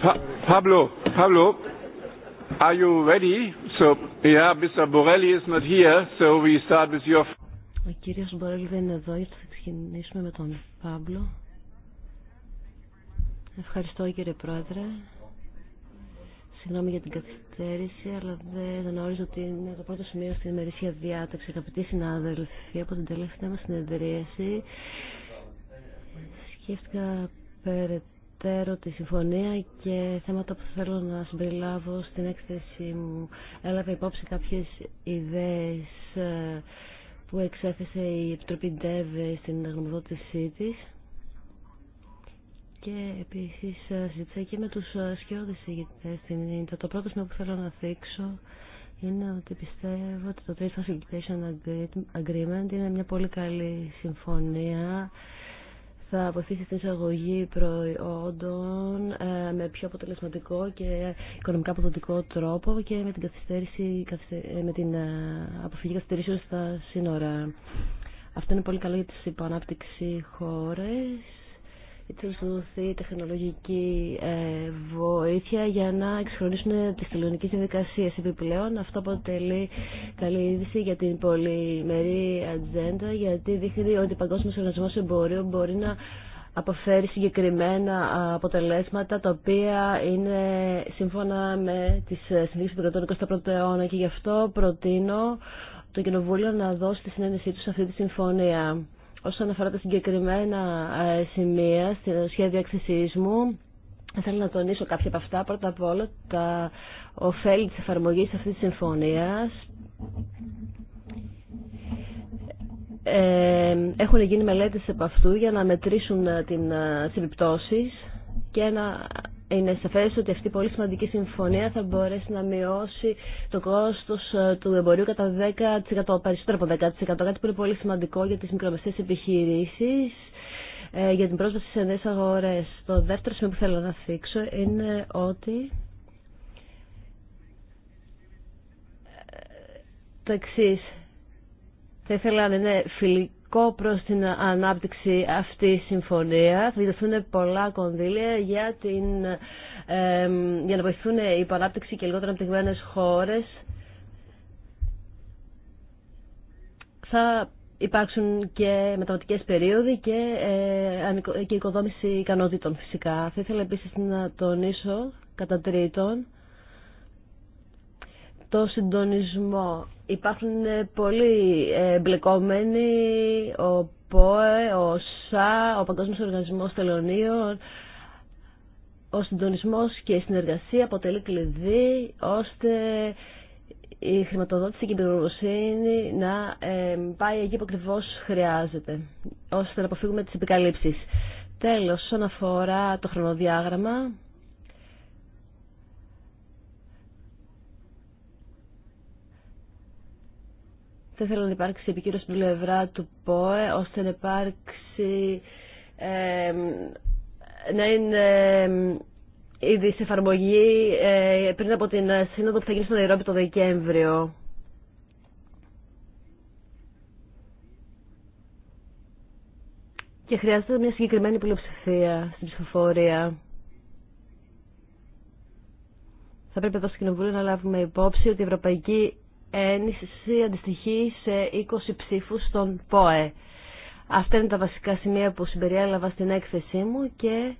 Pa Pablo, Pablo, are you ready? So, yeah, Mr. Borelli is not here, so we start with your... Ο κύριος Μπορέλη δεν είναι εδώ, ήρθε θα ξεκινήσουμε με τον Παύλο. Ευχαριστώ κύριε Πρόεδρε. Συγγνώμη για την καθυστέρηση, αλλά δεν γνώριζα ότι είναι το πρώτο σημείο στην ημερήσια διάταξη. Αγαπητοί συνάδελφοι, από την τελευταία μα συνεδρίαση σκέφτηκα περαιτέρω τη συμφωνία και θέματα που θέλω να συμπεριλάβω στην έκθεση μου. Έλαβα υπόψη κάποιες ιδέες ε, που εξέθεσε η Επιτροπή Ντεβ στην γνωμοδότησή της και επίσης ε, ζήτησα και με τους ε, σκιώδες ηγητές. Το πρώτο σημείο που θέλω να θίξω είναι ότι πιστεύω ότι το Trade Facilitation Agreement είναι μια πολύ καλή συμφωνία. Θα βοηθήσει την εισαγωγή προϊόντων ε, με πιο αποτελεσματικό και οικονομικά αποδοτικό τρόπο και με την, καθυστέρηση, με την αποφυγή καθυστερήσεων στα σύνορα. Αυτό είναι πολύ καλό για τις υποανάπτυξη χώρες έτσι τους δοθεί τεχνολογική ε, βοήθεια για να εξχρονίσουν τι τελειωνικές διαδικασίε Επιπλέον αυτό αποτελεί καλή είδηση για την πολυμερή ατζέντα γιατί δείχνει ότι ο Παγκόσμιο Οργανισμό Εμπορίου μπορεί να αποφέρει συγκεκριμένα αποτελέσματα τα οποία είναι σύμφωνα με τι συνθήκες του 21 ου αιώνα και γι' αυτό προτείνω το Κοινοβούλιο να δώσει τη συνέντευξή του σε αυτή τη συμφωνία. Όσον αφορά τα συγκεκριμένα ε, σημεία στο σχέδιο έκθεσή θέλω να τονίσω κάποια από αυτά. Πρώτα απ' όλα, τα ωφέλη της εφαρμογής αυτής της συμφωνίας ε, έχουν γίνει μελέτες από αυτού για να μετρήσουν ε, τις επιπτώσεις και να είναι σαφές ότι αυτή η πολύ σημαντική συμφωνία θα μπορέσει να μειώσει το κόστος ε, του εμπορίου κατά 10%, περισσότερο από 10%, κάτι που είναι πολύ σημαντικό για τις μικρομεσαίες επιχειρήσεις ε, για την πρόσβαση σε νέες αγορές. Το δεύτερο σημείο που θέλω να θίξω είναι ότι ε, το εξής. Θα ήθελα να είναι σημαντικό προς την ανάπτυξη αυτή η συμφωνία. Θα διδοθούν πολλά κονδύλια για, την, για να βοηθούν η παράπτυξη και λιγότερο αναπτυγμένες χώρες. Θα υπάρξουν και μεταβατικές περίοδοι και, ε, και οικοδόμηση ικανότητων φυσικά. Θα ήθελα επίσης να τονίσω κατά τρίτον το συντονισμό. Υπάρχουν ε, πολλοί εμπλεκόμενοι, ο ΠΟΕ, ο ΣΑ, ο Παγκόσμιος Οργανισμός Τελωνίων. Ο συντονισμός και η συνεργασία αποτελεί κλειδί ώστε η χρηματοδότηση και η πυρογνωσύνη να ε, πάει εκεί που ακριβώ χρειάζεται, ώστε να αποφύγουμε τις επικαλύψεις. Τέλος, όσον αφορά το χρονοδιάγραμμα, Θα ήθελα να υπάρξει επικύρωση στην πλευρά του ΠΟΕ ώστε να υπάρξει να είναι ήδη σε εφαρμογή ε, πριν από την σύνοδο που θα γίνει στο Ευρώπη το Δεκέμβριο. Και χρειάζεται μια συγκεκριμένη πλειοψηφία στην ψηφοφορία. Θα πρέπει εδώ στο Κοινοβούλιο να λάβουμε υπόψη ότι η Ευρωπαϊκή ένιση αντιστοιχεί σε 20 ψήφους στον ΠΟΕ. Αυτά είναι τα βασικά σημεία που συμπεριέλαβα στην έκθεσή μου και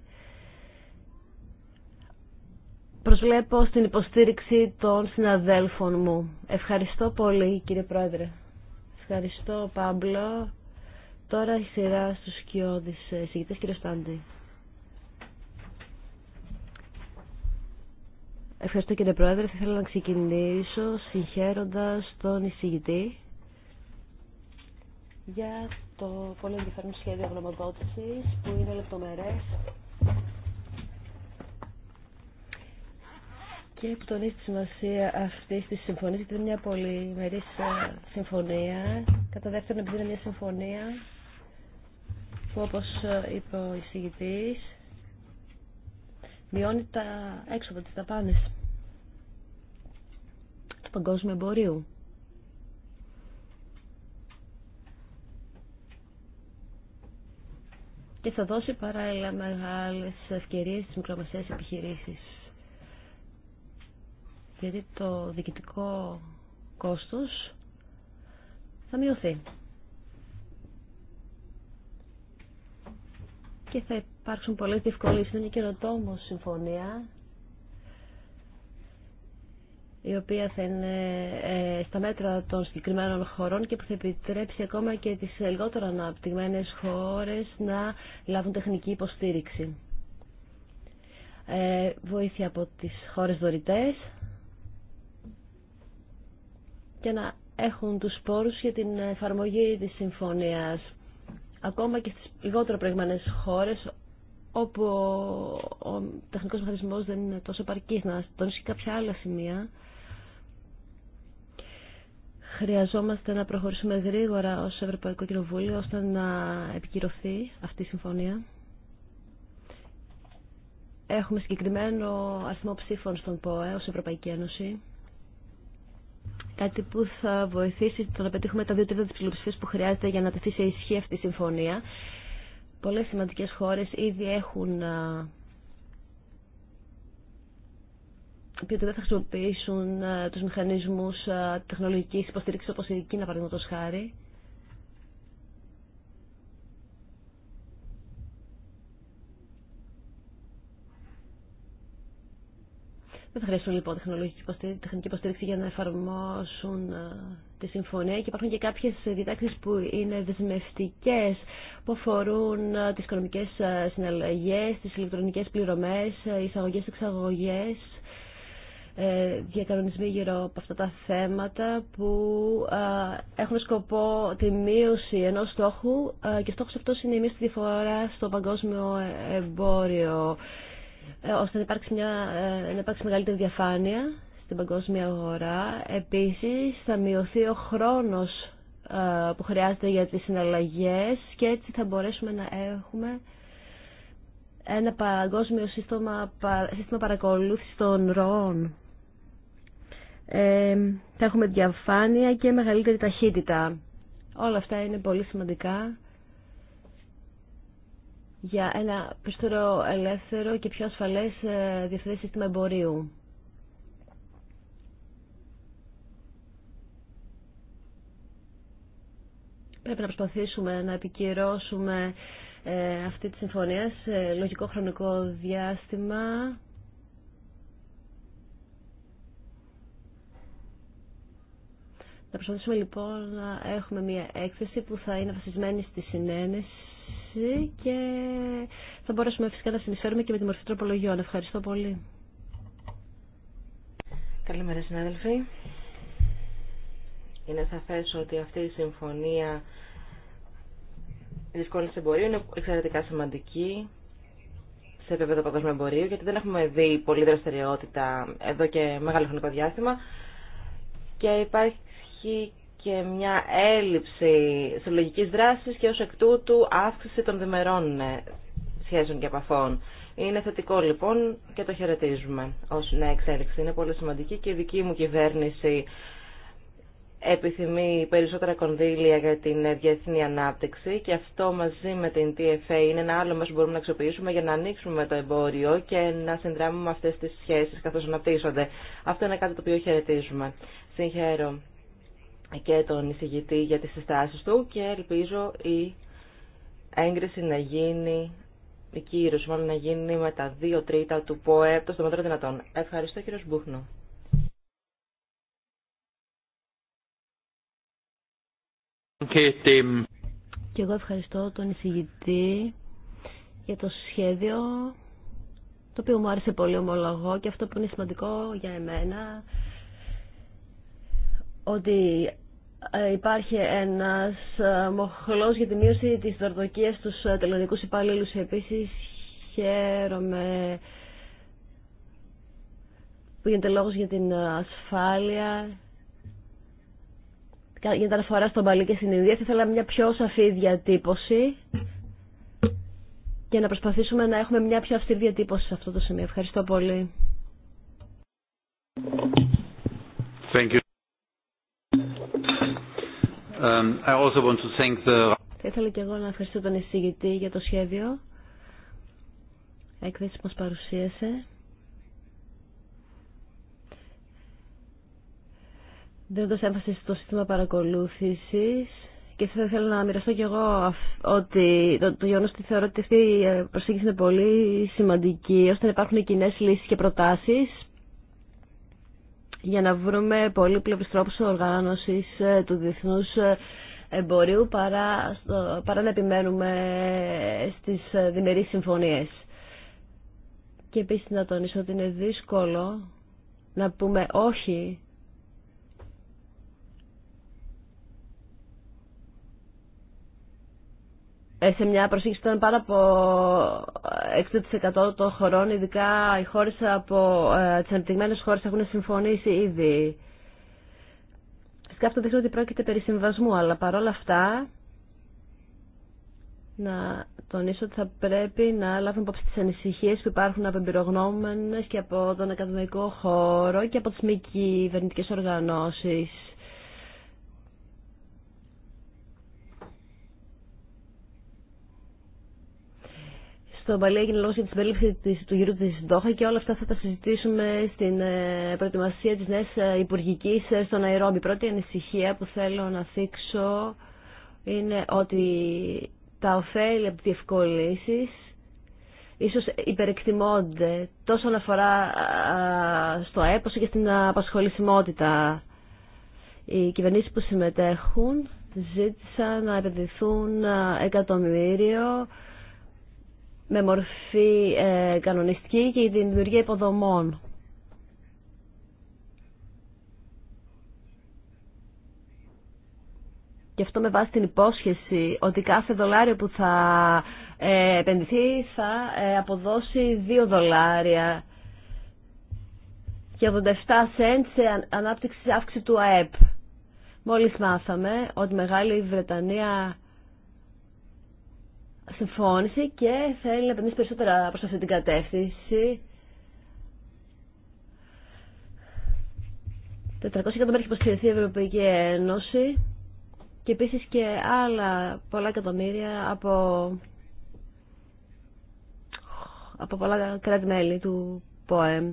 προσβλέπω στην υποστήριξη των συναδέλφων μου. Ευχαριστώ πολύ κύριε Πρόεδρε. Ευχαριστώ Πάμπλο. Τώρα η σειρά στους σκιώδεις εισηγητές κύριε Ευχαριστώ κύριε Πρόεδρε. Θα ήθελα να ξεκινήσω συγχαίροντας τον εισηγητή για το πολύ ενδιαφέρον σχέδιο γνωμοδότησης που είναι λεπτομερές και που τονίζει τη σημασία αυτή τη συμφωνία, γιατί είναι μια πολυμερή ε, συμφωνία. Κατά δεύτερον, επειδή είναι μια συμφωνία που, όπω ε, είπε ο εισηγητή, μειώνει τα έξοδα της δαπάνης του παγκόσμιου εμπορίου. Και θα δώσει παράλληλα μεγάλες ευκαιρίες στις μικρομεσαίες επιχειρήσεις. Γιατί το διοικητικό κόστος θα μειωθεί. και θα υπάρξουν πολλές διευκολύνσεις. Είναι καινοτόμο συμφωνία η οποία θα είναι ε, στα μέτρα των συγκεκριμένων χωρών και που θα επιτρέψει ακόμα και τις λιγότερο αναπτυγμένες χώρες να λάβουν τεχνική υποστήριξη. Ε, βοήθεια από τις χώρες δωρητές και να έχουν τους πόρους για την εφαρμογή της συμφωνίας ακόμα και στις λιγότερο πραγμανές χώρες όπου ο τεχνικός μηχανισμός δεν είναι τόσο παρκής να τονίσει κάποια άλλα σημεία χρειαζόμαστε να προχωρήσουμε γρήγορα ως Ευρωπαϊκό Κοινοβούλιο ώστε να επικυρωθεί αυτή η συμφωνία έχουμε συγκεκριμένο αριθμό ψήφων στον ΠΟΕ ως Ευρωπαϊκή Ένωση κάτι που θα βοηθήσει το να πετύχουμε τα δύο τρίτα τη πλειοψηφία που χρειάζεται για να τεθεί σε ισχύ αυτή η συμφωνία. Πολλές σημαντικές χώρες ήδη έχουν πει δεν θα χρησιμοποιήσουν τους μηχανισμούς τεχνολογικής υποστήριξης όπως η Κίνα παραδείγματος χάρη. Δεν θα χρειαστούν λοιπόν τεχνολογική τεχνική υποστήριξη για να εφαρμόσουν ε, τη συμφωνία και υπάρχουν και κάποιες διτάξει που είναι δεσμευτικέ, που αφορούν ε, τις οικονομικές ε, συναλλαγέ, τις ηλεκτρονικές πληρωμές, εισαγωγέ εξαγωγέ, διακανονισμοί γύρω από αυτά τα θέματα που έχουν σκοπό τη μείωση ενό στόχου και στόχο αυτό είναι η μείωση τη διαφορά στο παγκόσμιο εμπόριο. Ε, ώστε να υπάρξει, μια, ε, μεγαλύτερη διαφάνεια στην παγκόσμια αγορά. Επίσης θα μειωθεί ο χρόνος ε, που χρειάζεται για τις συναλλαγές και έτσι θα μπορέσουμε να έχουμε ένα παγκόσμιο σύστημα, σύστημα παρακολούθησης των ροών. θα έχουμε διαφάνεια και μεγαλύτερη ταχύτητα. Όλα αυτά είναι πολύ σημαντικά για ένα πιστωρό ελεύθερο και πιο ασφαλές ε, διευθυντές σύστημα εμπορίου. Πρέπει να προσπαθήσουμε να επικυρώσουμε ε, αυτή τη συμφωνία σε λογικό χρονικό διάστημα. Να προσπαθήσουμε λοιπόν να έχουμε μια έκθεση που θα είναι βασισμένη στη συνένεση και θα μπορέσουμε φυσικά να συνεισφέρουμε και με τη μορφή τροπολογιών. Ευχαριστώ πολύ. Καλημέρα συνάδελφοι. Είναι σαφές ότι αυτή η συμφωνία δυσκόλυνση εμπορίου είναι εξαιρετικά σημαντική σε επίπεδο παγκόσμιου εμπορίου, γιατί δεν έχουμε δει πολύ δραστηριότητα εδώ και μεγάλο χρονικό διάστημα. Και υπάρχει και μια έλλειψη συλλογική δράση και ω εκ τούτου αύξηση των διμερών ε, σχέσεων και επαφών. Είναι θετικό λοιπόν και το χαιρετίζουμε ως νέα εξέλιξη. Είναι πολύ σημαντική και η δική μου κυβέρνηση επιθυμεί περισσότερα κονδύλια για την διεθνή ανάπτυξη και αυτό μαζί με την TFA είναι ένα άλλο μέσο που μπορούμε να αξιοποιήσουμε για να ανοίξουμε το εμπόριο και να συνδράμουμε αυτές τις σχέσεις καθώς αναπτύσσονται. Αυτό είναι κάτι το οποίο χαιρετίζουμε. Συγχαίρω και τον εισηγητή για τις συστάσεις του και ελπίζω η έγκριση να γίνει, η κύρωση μάλλον να γίνει με τα δύο τρίτα του ΠΟΕΠ το μέτρο δυνατόν. Ευχαριστώ κύριο Μπούχνο. Και εγώ ευχαριστώ τον εισηγητή για το σχέδιο το οποίο μου άρεσε πολύ ομολογώ και αυτό που είναι σημαντικό για εμένα ότι ε, υπάρχει ένας ε, μοχλός για τη μείωση της δορδοκίας στους ε, τελωνικούς υπαλλήλους. Επίσης χαίρομαι που γίνεται λόγος για την ασφάλεια, για τα αναφορά στον Παλί και στην Ινδία. Θα ήθελα μια πιο σαφή διατύπωση και να προσπαθήσουμε να έχουμε μια πιο αυστηρή διατύπωση σε αυτό το σημείο. Ευχαριστώ πολύ. Thank you. Um, I Θα ήθελα και εγώ να ευχαριστώ τον εισηγητή για το σχέδιο έκθεση που μας παρουσίασε. Δίνοντα έμφαση στο σύστημα παρακολούθησης και θα ήθελα να μοιραστώ και εγώ ότι το, το γεγονό ότι θεωρώ ότι αυτή η προσέγγιση είναι πολύ σημαντική ώστε να υπάρχουν κοινέ λύσεις και προτάσεις για να βρούμε πολύπλευρους τρόπους οργάνωσης ε, του διεθνούς ε, εμπορίου παρά, παρά να επιμένουμε στις ε, διμερείς συμφωνίες. Και επίσης να τονίσω ότι είναι δύσκολο να πούμε όχι σε μια προσήγηση ήταν πάνω από 60% των χωρών, ειδικά οι χώρες από ε, τις ανεπτυγμένες χώρες έχουν συμφωνήσει ήδη. Φυσικά αυτό δείχνει ότι πρόκειται περί συμβασμού, αλλά παρόλα αυτά να τονίσω ότι θα πρέπει να λάβουμε υπόψη τις ανησυχίες που υπάρχουν από εμπειρογνώμενες και από τον ακαδημαϊκό χώρο και από τις μη κυβερνητικέ οργανώσεις. στο Μπαλί έγινε λόγος για τη συμπερίληψη του γύρου της Ντόχα και όλα αυτά θα τα συζητήσουμε στην ε, προετοιμασία της νέας ε, υπουργικής ε, στο Ναϊρόμπι. Η πρώτη ανησυχία που θέλω να θίξω είναι ότι τα ωφέλη από τι ευκολύνσει ίσως υπερεκτιμώνται τόσο αναφορά στο έπος και στην απασχολησιμότητα. Οι κυβερνήσεις που συμμετέχουν ζήτησαν να επενδυθούν εκατομμύριο με μορφή ε, κανονιστική και η δημιουργία υποδομών. Και αυτό με βάση την υπόσχεση ότι κάθε δολάριο που θα ε, επενδυθεί θα ε, αποδώσει 2 δολάρια και 87 σέντ σε ανάπτυξη αύξηση του ΑΕΠ. Μόλις μάθαμε ότι η Μεγάλη Βρετανία συμφώνησε και θέλει να επενδύσει περισσότερα προς αυτή την κατεύθυνση. 400 εκατομμύρια έχει υποσχεθεί η Ευρωπαϊκή Ένωση και επίσης και άλλα πολλά εκατομμύρια από, από πολλά κράτη-μέλη του ΠΟΕΜ.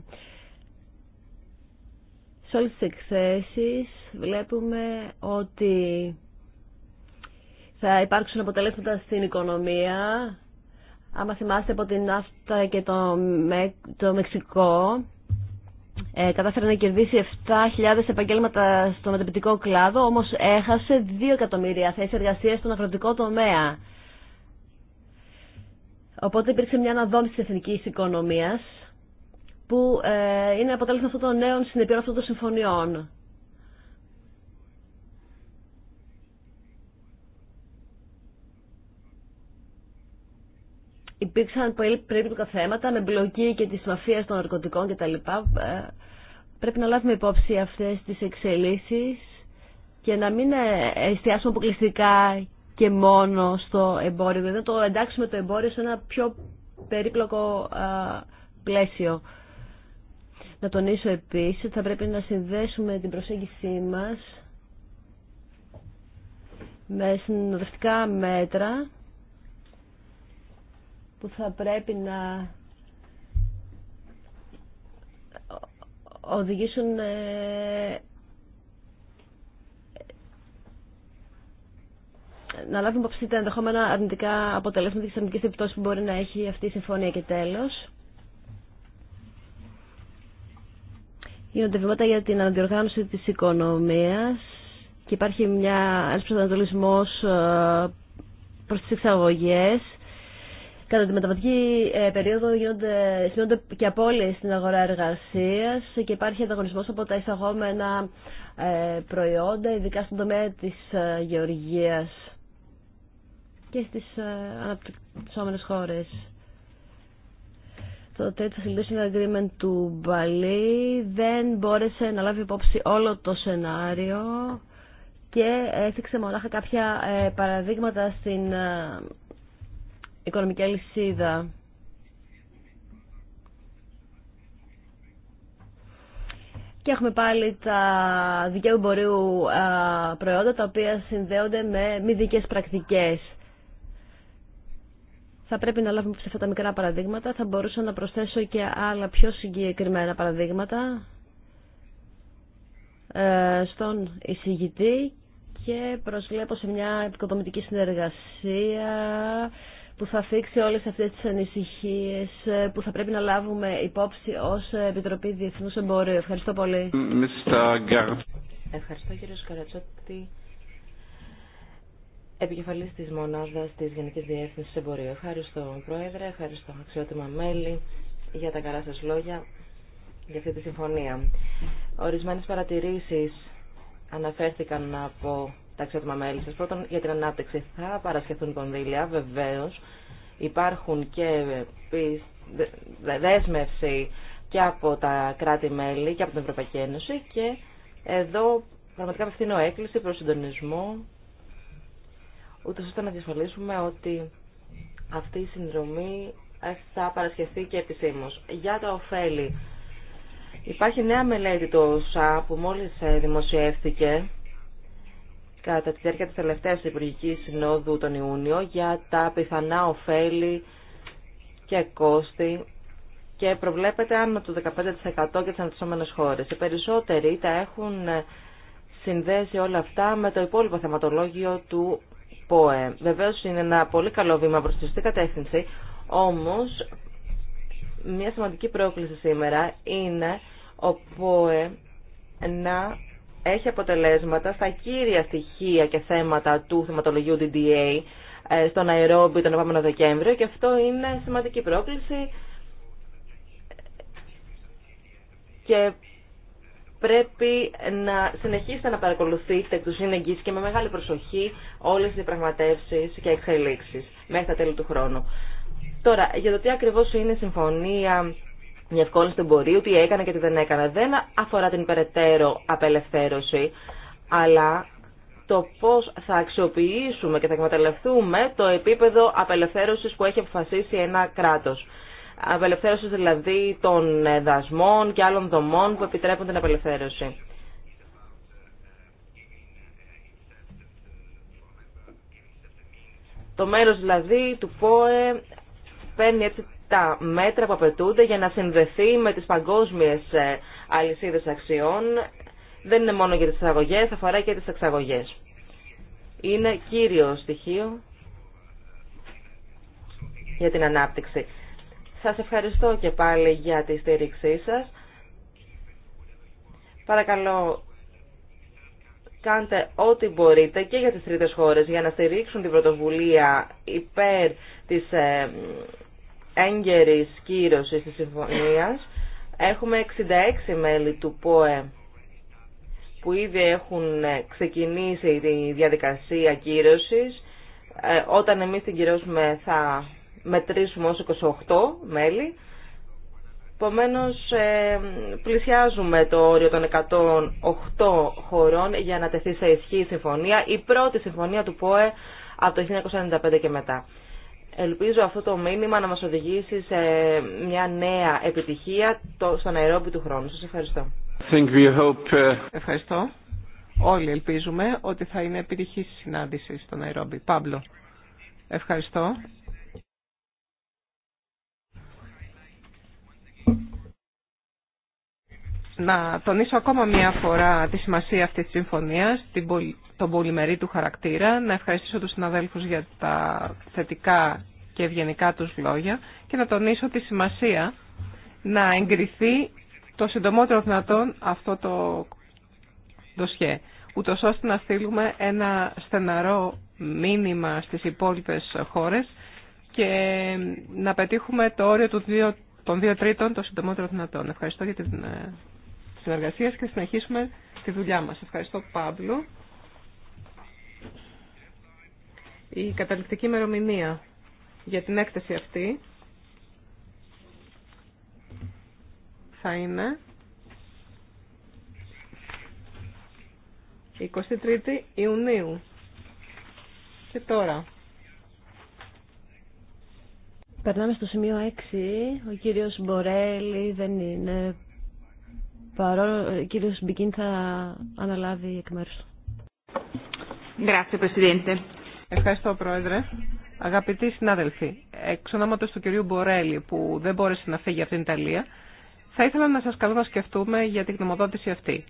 Σε όλες τις εκθέσεις βλέπουμε ότι θα υπάρξουν αποτελέσματα στην οικονομία. Άμα θυμάστε από την Αυτά και το, το Μεξικό, ε, κατάφερε να κερδίσει 7.000 επαγγέλματα στο μεταπητικό κλάδο, όμως έχασε 2 εκατομμύρια θέσεις εργασίας στον αγροτικό τομέα. Οπότε υπήρξε μια αναδόμηση της εθνικής οικονομίας, που ε, είναι αποτέλεσμα αυτών των νέων συνεπειών αυτών των συμφωνιών. Υπήρξαν πολύ περίπλοκα θέματα με μπλοκή και τη μαφία των ναρκωτικών κτλ. Ε, πρέπει να λάβουμε υπόψη αυτές τις εξελίξει και να μην ε, εστιάσουμε αποκλειστικά και μόνο στο εμπόριο. Δηλαδή το εντάξουμε το εμπόριο σε ένα πιο περίπλοκο ε, πλαίσιο. Να τονίσω επίσης ότι θα πρέπει να συνδέσουμε την προσέγγιση μας με συνοδευτικά μέτρα που θα πρέπει να οδηγήσουν ε, να λάβουν υπόψη τα ενδεχόμενα αρνητικά αποτελέσματα και τι αρνητικέ επιπτώσει που μπορεί να έχει αυτή η συμφωνία. Και τέλο, γίνονται βήματα για την αναδιοργάνωση τη οικονομία και υπάρχει μια, ένας προ ε, προς τις Κατά τη μεταβατική ε, περίοδο γίνονται, γίνονται και απόλυε στην αγορά εργασίας και υπάρχει ανταγωνισμός από τα εισαγόμενα ε, προϊόντα, ειδικά στον τομέα της ε, γεωργία και στις αναπτυσσόμενες χώρε. Το Trade Facilitation Agreement του Μπαλί δεν μπόρεσε να λάβει υπόψη όλο το σενάριο και έθιξε μονάχα κάποια παραδείγματα στην οικονομική αλυσίδα. Και έχουμε πάλι τα δικαίου εμπορίου προϊόντα τα οποία συνδέονται με μη δικές πρακτικές. Θα πρέπει να λάβουμε σε αυτά τα μικρά παραδείγματα. Θα μπορούσα να προσθέσω και άλλα πιο συγκεκριμένα παραδείγματα ε, στον εισηγητή και προσβλέπω σε μια επικοδομητική συνεργασία που θα αφήξει όλε αυτέ τι ανησυχίε ε, που θα πρέπει να λάβουμε υπόψη ω Επιτροπή διεθνού Εμπορίου. Ευχαριστώ πολύ. Ευχαριστώ κύριε Σκαρατσότη, Επικεφαλή τη μονάδας τη Γενική Διεύθυνσης Εμπορίου. Ευχαριστώ Πρόεδρε, ευχαριστώ αξιότιμα μέλη για τα καλά σα λόγια για αυτή τη συμφωνία. Ορισμένε παρατηρήσει αναφέρθηκαν από τα αξιότιμα μέλη σα. Πρώτον, για την ανάπτυξη θα παρασχεθούν κονδύλια, βεβαίω, Υπάρχουν και δέσμευση και από τα κράτη-μέλη και από την Ευρωπαϊκή Ένωση και εδώ πραγματικά απευθύνω έκκληση προς συντονισμό ούτω ώστε να διασφαλίσουμε ότι αυτή η συνδρομή ε, θα παρασχεθεί και επισήμω. Για τα ωφέλη. Υπάρχει νέα μελέτη του ΩΣΑ που μόλις ε, δημοσιεύτηκε κατά τη διάρκεια της τελευταίας Υπουργικής Συνόδου τον Ιούνιο για τα πιθανά ωφέλη και κόστη και προβλέπεται άνω του 15% για τις αναπτυσσόμενες χώρες. Οι περισσότεροι τα έχουν συνδέσει όλα αυτά με το υπόλοιπο θεματολόγιο του ΠΟΕ. Βεβαίως είναι ένα πολύ καλό βήμα προς τη σωστή κατεύθυνση, όμως μια σημαντική πρόκληση σήμερα είναι ο ΠΟΕ να έχει αποτελέσματα στα κύρια στοιχεία και θέματα του θεματολογίου DDA ε, στο Ναϊρόμπι τον επόμενο Δεκέμβριο και αυτό είναι σημαντική πρόκληση και πρέπει να συνεχίσετε να παρακολουθείτε του σύνεγγυς και με μεγάλη προσοχή όλες τις διαπραγματεύσεις και εξελίξεις μέχρι τα τέλη του χρόνου. Τώρα, για το τι ακριβώς είναι η συμφωνία ευκόλυνση του εμπορίου, τι έκανε και τι δεν έκανα. Δεν αφορά την περαιτέρω απελευθέρωση, αλλά το πώς θα αξιοποιήσουμε και θα εκμεταλλευτούμε το επίπεδο απελευθέρωσης που έχει αποφασίσει ένα κράτος. Απελευθέρωση δηλαδή των δασμών και άλλων δομών που επιτρέπουν την απελευθέρωση. Το μέρος δηλαδή του ΠΟΕ παίρνει έτσι τα μέτρα που απαιτούνται για να συνδεθεί με τις παγκόσμιες ε, αλυσίδες αξιών. Δεν είναι μόνο για τις εισαγωγές, αφορά και τις εξαγωγές. Είναι κύριο στοιχείο για την ανάπτυξη. Σας ευχαριστώ και πάλι για τη στήριξή σας. Παρακαλώ, κάντε ό,τι μπορείτε και για τις τρίτες χώρες για να στηρίξουν την πρωτοβουλία υπέρ της ε, έγκαιρη κύρωση τη συμφωνια έχουμε 66 μέλη του ΠΟΕ που ήδη έχουν ξεκινήσει τη διαδικασία κύρωσης. Ε, όταν εμείς την κυρώσουμε θα μετρήσουμε ως 28 μέλη. Επομένω, ε, πλησιάζουμε το όριο των 108 χωρών για να τεθεί σε ισχύ η συμφωνία, η πρώτη συμφωνία του ΠΟΕ από το 1995 και μετά. Ελπίζω αυτό το μήνυμα να μας οδηγήσει σε μια νέα επιτυχία το, στο Ναϊρόμπι του χρόνου. Σας ευχαριστώ. Uh, ευχαριστώ. Όλοι ελπίζουμε ότι θα είναι επιτυχής η συνάντηση στο Ναϊρόμπι. Πάμπλο. Ευχαριστώ. να τονίσω ακόμα μία φορά τη σημασία αυτής της συμφωνίας, τον πολυμερή του χαρακτήρα, να ευχαριστήσω τους συναδέλφους για τα θετικά και ευγενικά τους λόγια και να τονίσω τη σημασία να εγκριθεί το συντομότερο δυνατόν αυτό το δοσιέ, ούτω ώστε να στείλουμε ένα στεναρό μήνυμα στις υπόλοιπες χώρες και να πετύχουμε το όριο του των δύο τρίτων το συντομότερο δυνατόν. Ευχαριστώ για την ε, συνεργασία και συνεχίσουμε τη δουλειά μας. Ευχαριστώ, Παύλο. Η καταληκτική ημερομηνία για την έκθεση αυτή θα είναι 23η Ιουνίου. Και τώρα. Περνάμε στο σημείο 6. Ο κύριος Μπορέλη δεν είναι Παρόλο ο ε, κύριο Μπικίν θα αναλάβει εκ μέρου του. Ευχαριστώ, Πρόεδρε. Αγαπητοί συνάδελφοι, εξ ονόματο του κυρίου Μπορέλη που δεν μπόρεσε να φύγει από την Ιταλία, θα ήθελα να σα καλώ να σκεφτούμε για την γνωμοδότηση αυτή.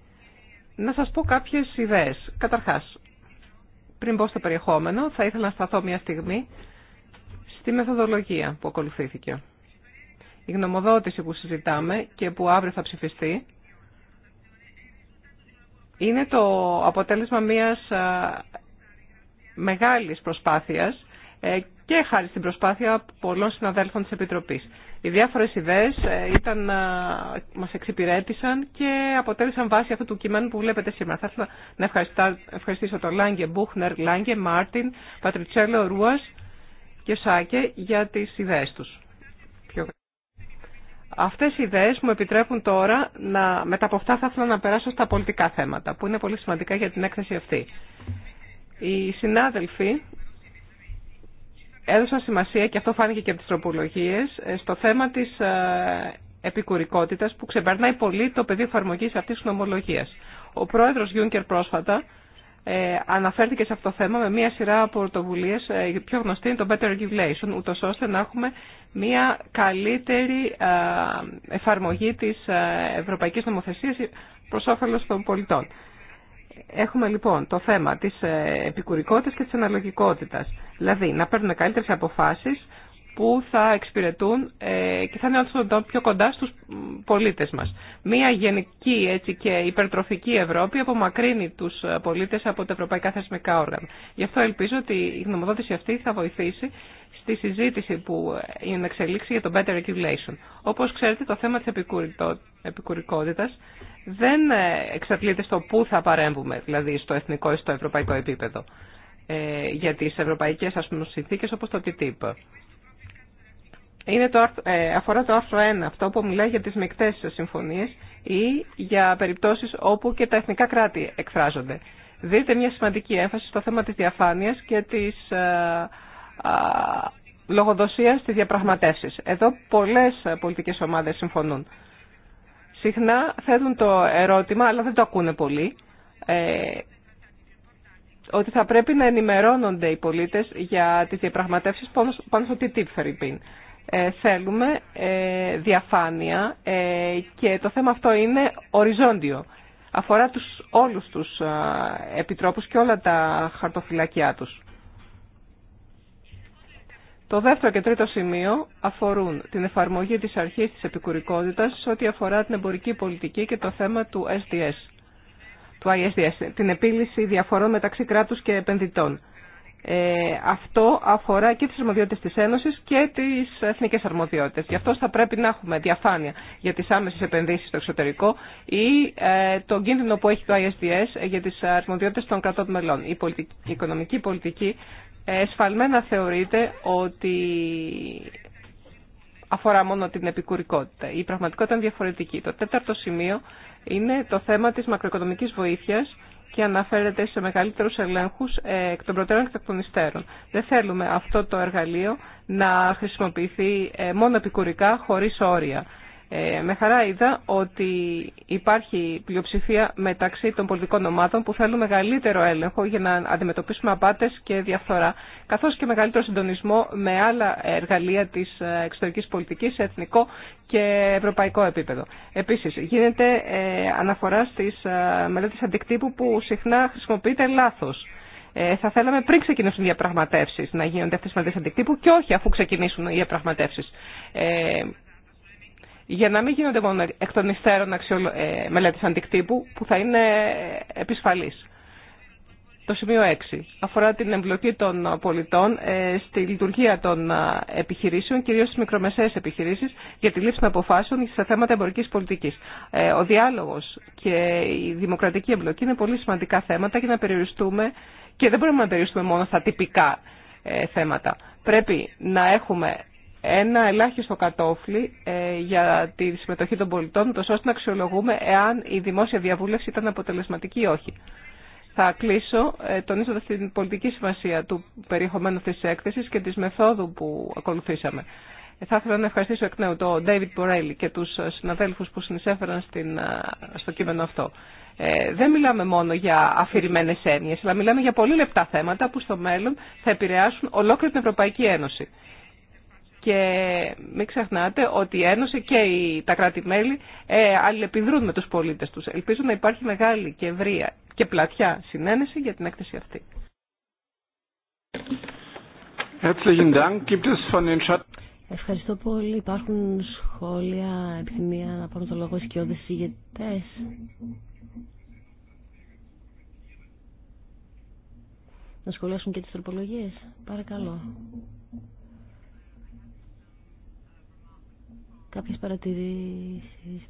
Να σα πω κάποιε ιδέε. Καταρχά, πριν πω στο περιεχόμενο, θα ήθελα να σταθώ μια στιγμή στη μεθοδολογία που ακολουθήθηκε. Η γνωμοδότηση που συζητάμε και που αύριο θα ψηφιστεί είναι το αποτέλεσμα μιας μεγάλης προσπάθειας ε, και χάρη στην προσπάθεια πολλών συναδέλφων της Επιτροπής. Οι διάφορες ιδέες ε, ήταν, μας εξυπηρέτησαν και αποτέλεσαν βάση αυτού του κειμένου που βλέπετε σήμερα. Θα ήθελα να ευχαριστήσω τον Λάγκε Μπούχνερ, Λάγκε Μάρτιν, Πατριτσέλο Ρούας και Σάκε για τις ιδέες τους. Αυτές οι ιδέες μου επιτρέπουν τώρα να, μετά από αυτά θα ήθελα να περάσω στα πολιτικά θέματα, που είναι πολύ σημαντικά για την έκθεση αυτή. Οι συνάδελφοι έδωσαν σημασία, και αυτό φάνηκε και από τις τροπολογίες, ε, στο θέμα της ε, επικουρικότητας που ξεπερνάει πολύ το πεδίο εφαρμογή αυτής της νομολογίας. Ο πρόεδρος Γιούνκερ πρόσφατα ε, αναφέρθηκε σε αυτό το θέμα με μία σειρά από πρωτοβουλίε. Ε, πιο γνωστή είναι το Better Regulation, ούτω ώστε να έχουμε μια καλύτερη ε, εφαρμογή της ε, ευρωπαϊκής νομοθεσίας προς όφελος των πολιτών. Έχουμε λοιπόν το θέμα της ε, επικουρικότητας και της αναλογικότητας. Δηλαδή να παίρνουν καλύτερες αποφάσεις που θα εξυπηρετούν και θα είναι πιο κοντά στους πολίτες μας. Μία γενική έτσι, και υπερτροφική Ευρώπη απομακρύνει τους πολίτες από τα ευρωπαϊκά θεσμικά όργανα. Γι' αυτό ελπίζω ότι η γνωμοδότηση αυτή θα βοηθήσει στη συζήτηση που είναι εξελίξη για το better regulation. Όπως ξέρετε, το θέμα της επικουρικότητας δεν ε, εξαρτλείται στο πού θα παρέμβουμε, δηλαδή στο εθνικό ή στο ευρωπαϊκό επίπεδο, ε, για τις ευρωπαϊκές ας πούμε, συνθήκες όπως το TTIP. Είναι ε, αφορά το άρθρο 1, αυτό που μιλάει για τις μεικτές συμφωνίες ή για περιπτώσεις όπου και τα εθνικά κράτη εκφράζονται. Δείτε μια σημαντική έμφαση στο θέμα της διαφάνειας και της λογοδοσία στι διαπραγματεύσει. Εδώ πολλέ πολιτικές ομάδες συμφωνούν. Συχνά θέτουν το ερώτημα, αλλά δεν το ακούνε πολύ, ε, ότι θα πρέπει να ενημερώνονται οι πολίτες για τι διαπραγματεύσεις πάνω στο TTIP, Φερρυπίν. Ε, θέλουμε ε, διαφάνεια ε, και το θέμα αυτό είναι οριζόντιο. Αφορά τους, όλους τους επιτρόπους και όλα τα χαρτοφυλακιά τους. Το δεύτερο και τρίτο σημείο αφορούν την εφαρμογή της αρχής της επικουρικότητας σε ό,τι αφορά την εμπορική πολιτική και το θέμα του SDS, του ISDS, την επίλυση διαφορών μεταξύ κράτους και επενδυτών. Ε, αυτό αφορά και τις αρμοδιότητες της Ένωσης και τις εθνικές αρμοδιότητες. Γι' αυτό θα πρέπει να έχουμε διαφάνεια για τις άμεσες επενδύσεις στο εξωτερικό ή ε, τον κίνδυνο που έχει το ISDS για τις αρμοδιότητες των κρατών μελών. Η, πολιτική, η οικονομική πολιτική εσφαλμένα θεωρείται ότι αφορά μόνο την επικουρικότητα. Η πραγματικότητα είναι διαφορετική. Το τέταρτο σημείο είναι το θέμα της μακροοικονομικής βοήθειας και αναφέρεται σε μεγαλύτερους ελέγχου ε, εκ των προτέρων και εκ των υστέρων. Δεν θέλουμε αυτό το εργαλείο να χρησιμοποιηθεί ε, μόνο επικουρικά, χωρίς όρια. Ε, με χαρά είδα ότι υπάρχει πλειοψηφία μεταξύ των πολιτικών ομάδων που θέλουν μεγαλύτερο έλεγχο για να αντιμετωπίσουμε απάτες και διαφθορά, καθώς και μεγαλύτερο συντονισμό με άλλα εργαλεία της ε, εξωτερικής πολιτικής σε εθνικό και ευρωπαϊκό επίπεδο. Επίσης, γίνεται ε, αναφορά στις ε, μελέτες αντικτύπου που συχνά χρησιμοποιείται λάθος. Ε, θα θέλαμε πριν ξεκινήσουν οι διαπραγματεύσει να γίνονται αυτέ οι μελέτε αντικτύπου και όχι αφού ξεκινήσουν οι διαπραγματεύσει. Ε, για να μην γίνονται μόνο εκ των υστέρων αξιολο... ε, αντικτύπου που θα είναι επισφαλής. Το σημείο 6 αφορά την εμπλοκή των πολιτών ε, στη λειτουργία των ε, επιχειρήσεων, κυρίως στις μικρομεσαίες επιχειρήσεις, για τη λήψη των αποφάσεων στα θέματα εμπορικής πολιτικής. Ε, ο διάλογος και η δημοκρατική εμπλοκή είναι πολύ σημαντικά θέματα και να περιοριστούμε και δεν μπορούμε να περιοριστούμε μόνο στα τυπικά θέματα. Πρέπει να έχουμε ένα ελάχιστο κατόφλι ε, για τη συμμετοχή των πολιτών, τόσο ώστε να αξιολογούμε εάν η δημόσια διαβούλευση ήταν αποτελεσματική ή όχι. Θα κλείσω ε, τονίζοντα την πολιτική σημασία του περιεχομένου αυτή τη έκθεση και τη μεθόδου που ακολουθήσαμε. Ε, θα ήθελα να ευχαριστήσω εκ νέου τον David Μπορέλη και του συναδέλφου που συνεισέφεραν στην, ε, στο κείμενο αυτό. Ε, δεν μιλάμε μόνο για αφηρημένε έννοιε, αλλά μιλάμε για πολύ λεπτά θέματα που στο μέλλον θα επηρεάσουν ολόκληρη την Ευρωπαϊκή Ένωση. Και μην ξεχνάτε ότι η Ένωση και τα κράτη-μέλη ε, αλληλεπιδρούν με τους πολίτες τους. Ελπίζω να υπάρχει μεγάλη και ευρεία και πλατιά συνένεση για την έκθεση αυτή. Ευχαριστώ πολύ. Υπάρχουν σχόλια, επιθυμία να πάρουν το λόγο σκιώδες ηγετές. Να σχολιάσουν και τις τροπολογίες. Παρακαλώ. κάποιες παρατηρήσεις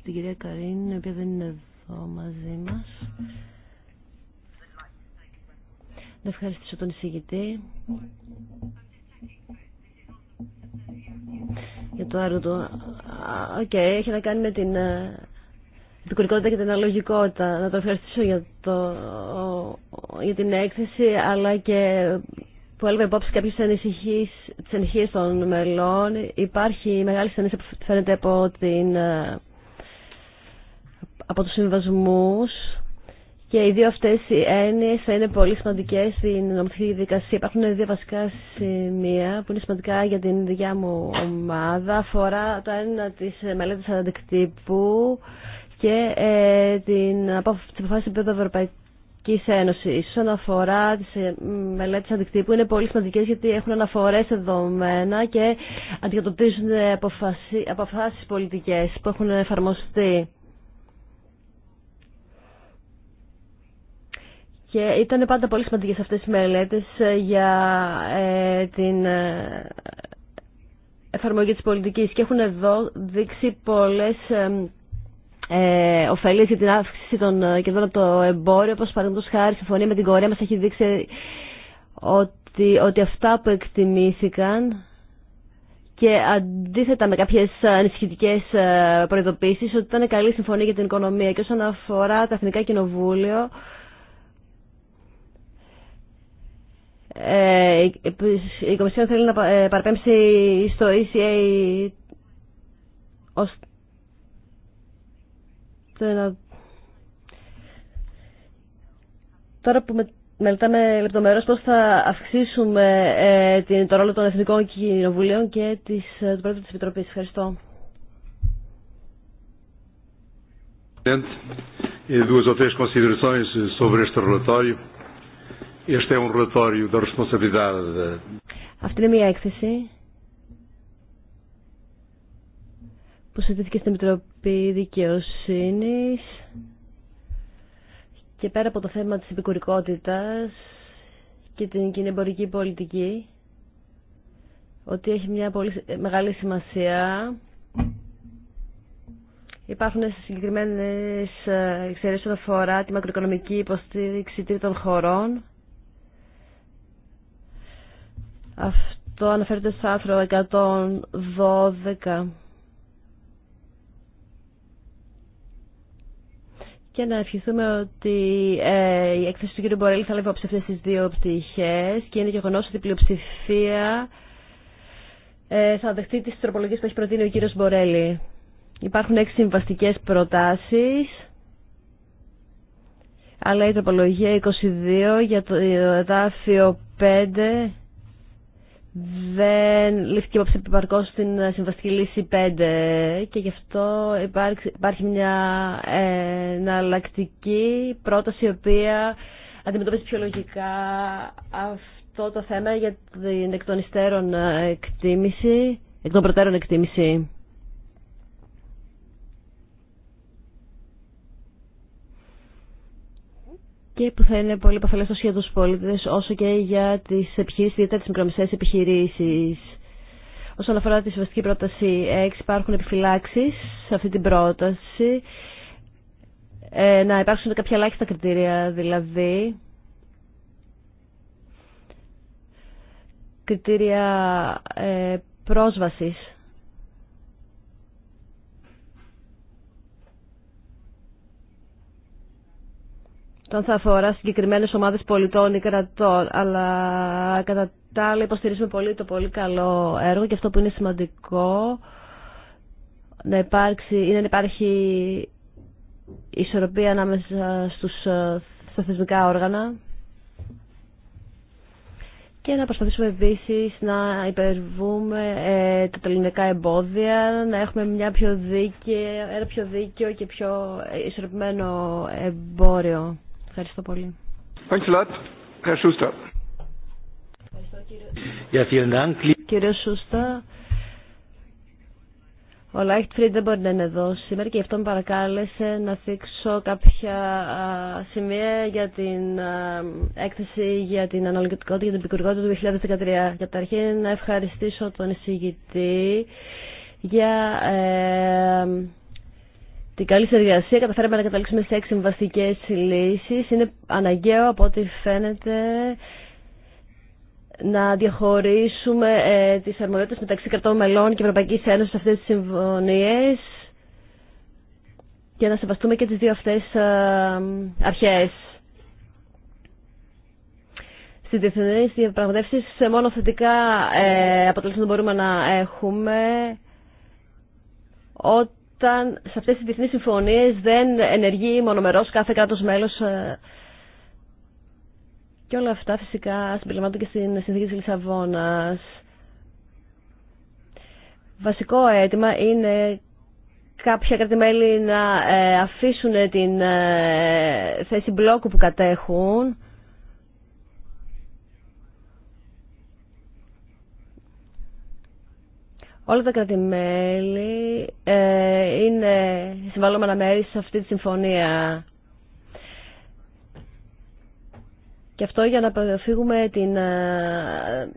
την κυρία Καρίν, η οποία δεν είναι εδώ μαζί μας. Να ευχαριστήσω τον εισηγητή για το άρθρο του. Οκ, okay, έχει να κάνει με την επικουρικότητα και την αναλογικότητα. Να το ευχαριστήσω για, το, για την έκθεση, αλλά και που έλαβε υπόψη κάποιε τι ανησυχίε των μελών. Υπάρχει μεγάλη στενή που φαίνεται από, ε, από του συμβασμού. Και οι δύο αυτέ οι έννοιε θα είναι πολύ σημαντικέ στην νομοθετική διαδικασία. Υπάρχουν δύο βασικά σημεία που είναι σημαντικά για την δικιά μου ομάδα. Αφορά το ένα τη μελέτη αντικτύπου και ε, την απόφαση του Ευρωπαϊκού Ευρωπαϊκή Ένωση Όσον αφορά τις ε, μελέτες αντικτύπου, είναι πολύ σημαντικές γιατί έχουν αναφορές σε δεδομένα και αντικατοπτρίζουν ε, αποφάσεις πολιτικές που έχουν εφαρμοστεί. Και ήταν πάντα πολύ σημαντικές αυτές οι μελέτες ε, για την εφαρμογή της πολιτικής και έχουν εδώ δείξει πολλές ε, ωφελήσει την αύξηση των ε, κερδών από το εμπόριο, όπως παραδείγματο χάρη η συμφωνία με την Κορέα μας έχει δείξει ότι, ότι αυτά που εκτιμήθηκαν και αντίθετα με κάποιες ανησυχητικέ ε, προειδοποιήσει ότι ήταν καλή συμφωνία για την οικονομία και όσον αφορά τα Εθνικά Κοινοβούλιο ε, η Κομισιόν θέλει να παραπέμψει στο ECA Τώρα που με μελετάμε λεπτομερώ πώ θα αυξήσουμε ε, την, το ρόλο των Εθνικών Κοινοβουλίων και της, ε, του Πρόεδρου τη Επιτροπής. Ευχαριστώ. Um Αυτή είναι μια έκθεση που συζητήθηκε στην Επιτροπή επί Δικαιοσύνης και πέρα από το θέμα της επικουρικότητας και την κοινή πολιτική ότι έχει μια πολύ μεγάλη σημασία υπάρχουν συγκεκριμένες ε, εξαιρέσεις που αφορά τη μακροοικονομική υποστήριξη τρίτων χωρών αυτό αναφέρεται στο άρθρο 112 και να ευχηθούμε ότι ε, η έκθεση του κ. Μπορέλη θα λάβει απόψε αυτές τις δύο πτυχές και είναι γεγονό ότι η πλειοψηφία ε, θα δεχτεί τις τροπολογίες που έχει προτείνει ο κ. Μπορέλη. Υπάρχουν έξι συμβαστικές προτάσεις, αλλά η τροπολογία 22 για το εδάφιο 5 δεν λήφθηκε υπόψη επιπαρκώ στην συμβαστική λύση 5 και γι' αυτό υπάρχει, μια ε, εναλλακτική πρόταση η οποία αντιμετωπίζει πιο λογικά αυτό το θέμα για την εκ των ε, εκτίμηση, εκ των προτέρων εκτίμηση. και που θα είναι πολύ επαφέλε τόσο για τους πολίτες όσο και για τις επιχειρήσεις, ιδιαίτερα τι μικρομεσαίες επιχειρήσεις. Όσον αφορά τη συμβαστική πρόταση 6, υπάρχουν επιφυλάξεις σε αυτή την πρόταση. Ε, να υπάρξουν κάποια ελάχιστα κριτήρια, δηλαδή κριτήρια ε, πρόσβασης όταν θα αφορά συγκεκριμένες ομάδες πολιτών ή κρατών, αλλά κατά τα άλλα υποστηρίζουμε πολύ το πολύ καλό έργο και αυτό που είναι σημαντικό να υπάρξει, είναι να υπάρχει ισορροπία ανάμεσα στους, ε, στα θεσμικά όργανα και να προσπαθήσουμε επίση να υπερβούμε ε, τα ελληνικά εμπόδια, να έχουμε μια πιο δίκαιο, ένα πιο δίκαιο και πιο ισορροπημένο εμπόριο. Ευχαριστώ πολύ. Thanks a lot. Herr Κύριε Σούστα, ο Λάιχτ Φρίντ δεν μπορεί να είναι εδώ σήμερα και γι' αυτό με παρακάλεσε να θίξω κάποια σημεία για την έκθεση για την αναλογικότητα και την επικουρικότητα του 2013. Καταρχήν να ευχαριστήσω τον εισηγητή για ε, την καλή συνεργασία καταφέραμε να καταλήξουμε σε έξι συμβαστικέ λύσει. Είναι αναγκαίο από ό,τι φαίνεται να διαχωρίσουμε ε, τις αρμοδιότητες μεταξύ κρατών μελών και Ευρωπαϊκή Ένωση σε αυτέ τι συμφωνίε και να σεβαστούμε και τι δύο αυτέ ε, αρχέ. Στι διεθνεί διαπραγματεύσει. σε μόνο θετικά ε, αποτελέσματα μπορούμε να έχουμε όταν σε αυτές τις διεθνείς συμφωνίες δεν ενεργεί μονομερός κάθε κράτος μέλος ε, και όλα αυτά φυσικά συμπεριλαμβάνονται και στην συνθήκη της Λισαβόνας. Βασικό αίτημα είναι κάποια μέλη να ε, αφήσουν την ε, θέση μπλόκου που κατέχουν Όλα τα κράτη-μέλη ε, είναι συμβαλόμενα μέρη σε αυτή τη συμφωνία. Και αυτό για να αποφύγουμε την, ε,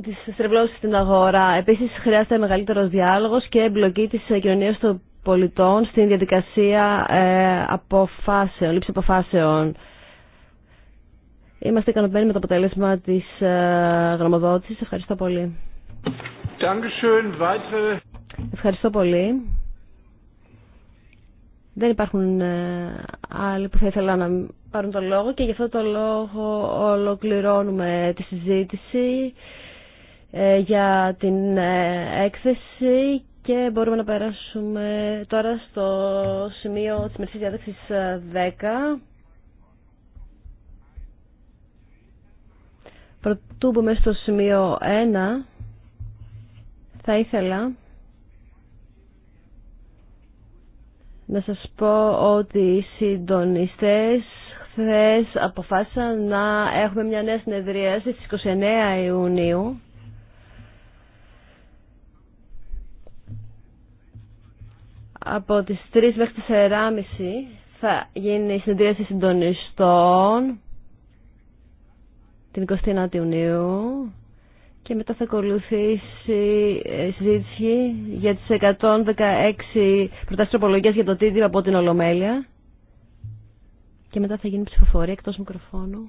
τις στρεβλώσεις στην αγορά. Επίσης χρειάζεται μεγαλύτερος διάλογος και εμπλοκή της κοινωνία των πολιτών στην διαδικασία ε, αποφάσεων, λήψη αποφάσεων. Είμαστε ικανοποιημένοι με το αποτέλεσμα της ε, Ευχαριστώ πολύ. Ευχαριστώ πολύ. Δεν υπάρχουν ε, άλλοι που θα ήθελα να πάρουν το λόγο και γι' αυτό το λόγο ολοκληρώνουμε τη συζήτηση ε, για την ε, έκθεση και μπορούμε να περάσουμε τώρα στο σημείο της μερικής διάταξης 10. Πρωτού μπούμε στο σημείο 1. Θα ήθελα να σας πω ότι οι συντονιστές χθες αποφάσισαν να έχουμε μια νέα συνεδρία στις 29 Ιουνίου από τις 3 μέχρι τις 4.30 θα γίνει η συνεδρίαση συντονιστών την 29 Ιουνίου και μετά θα ακολουθήσει ε, συζήτηση για τις 116 προτάσεις τροπολογίας για το τίτλο από την Ολομέλεια και μετά θα γίνει ψηφοφορία εκτός μικροφώνου.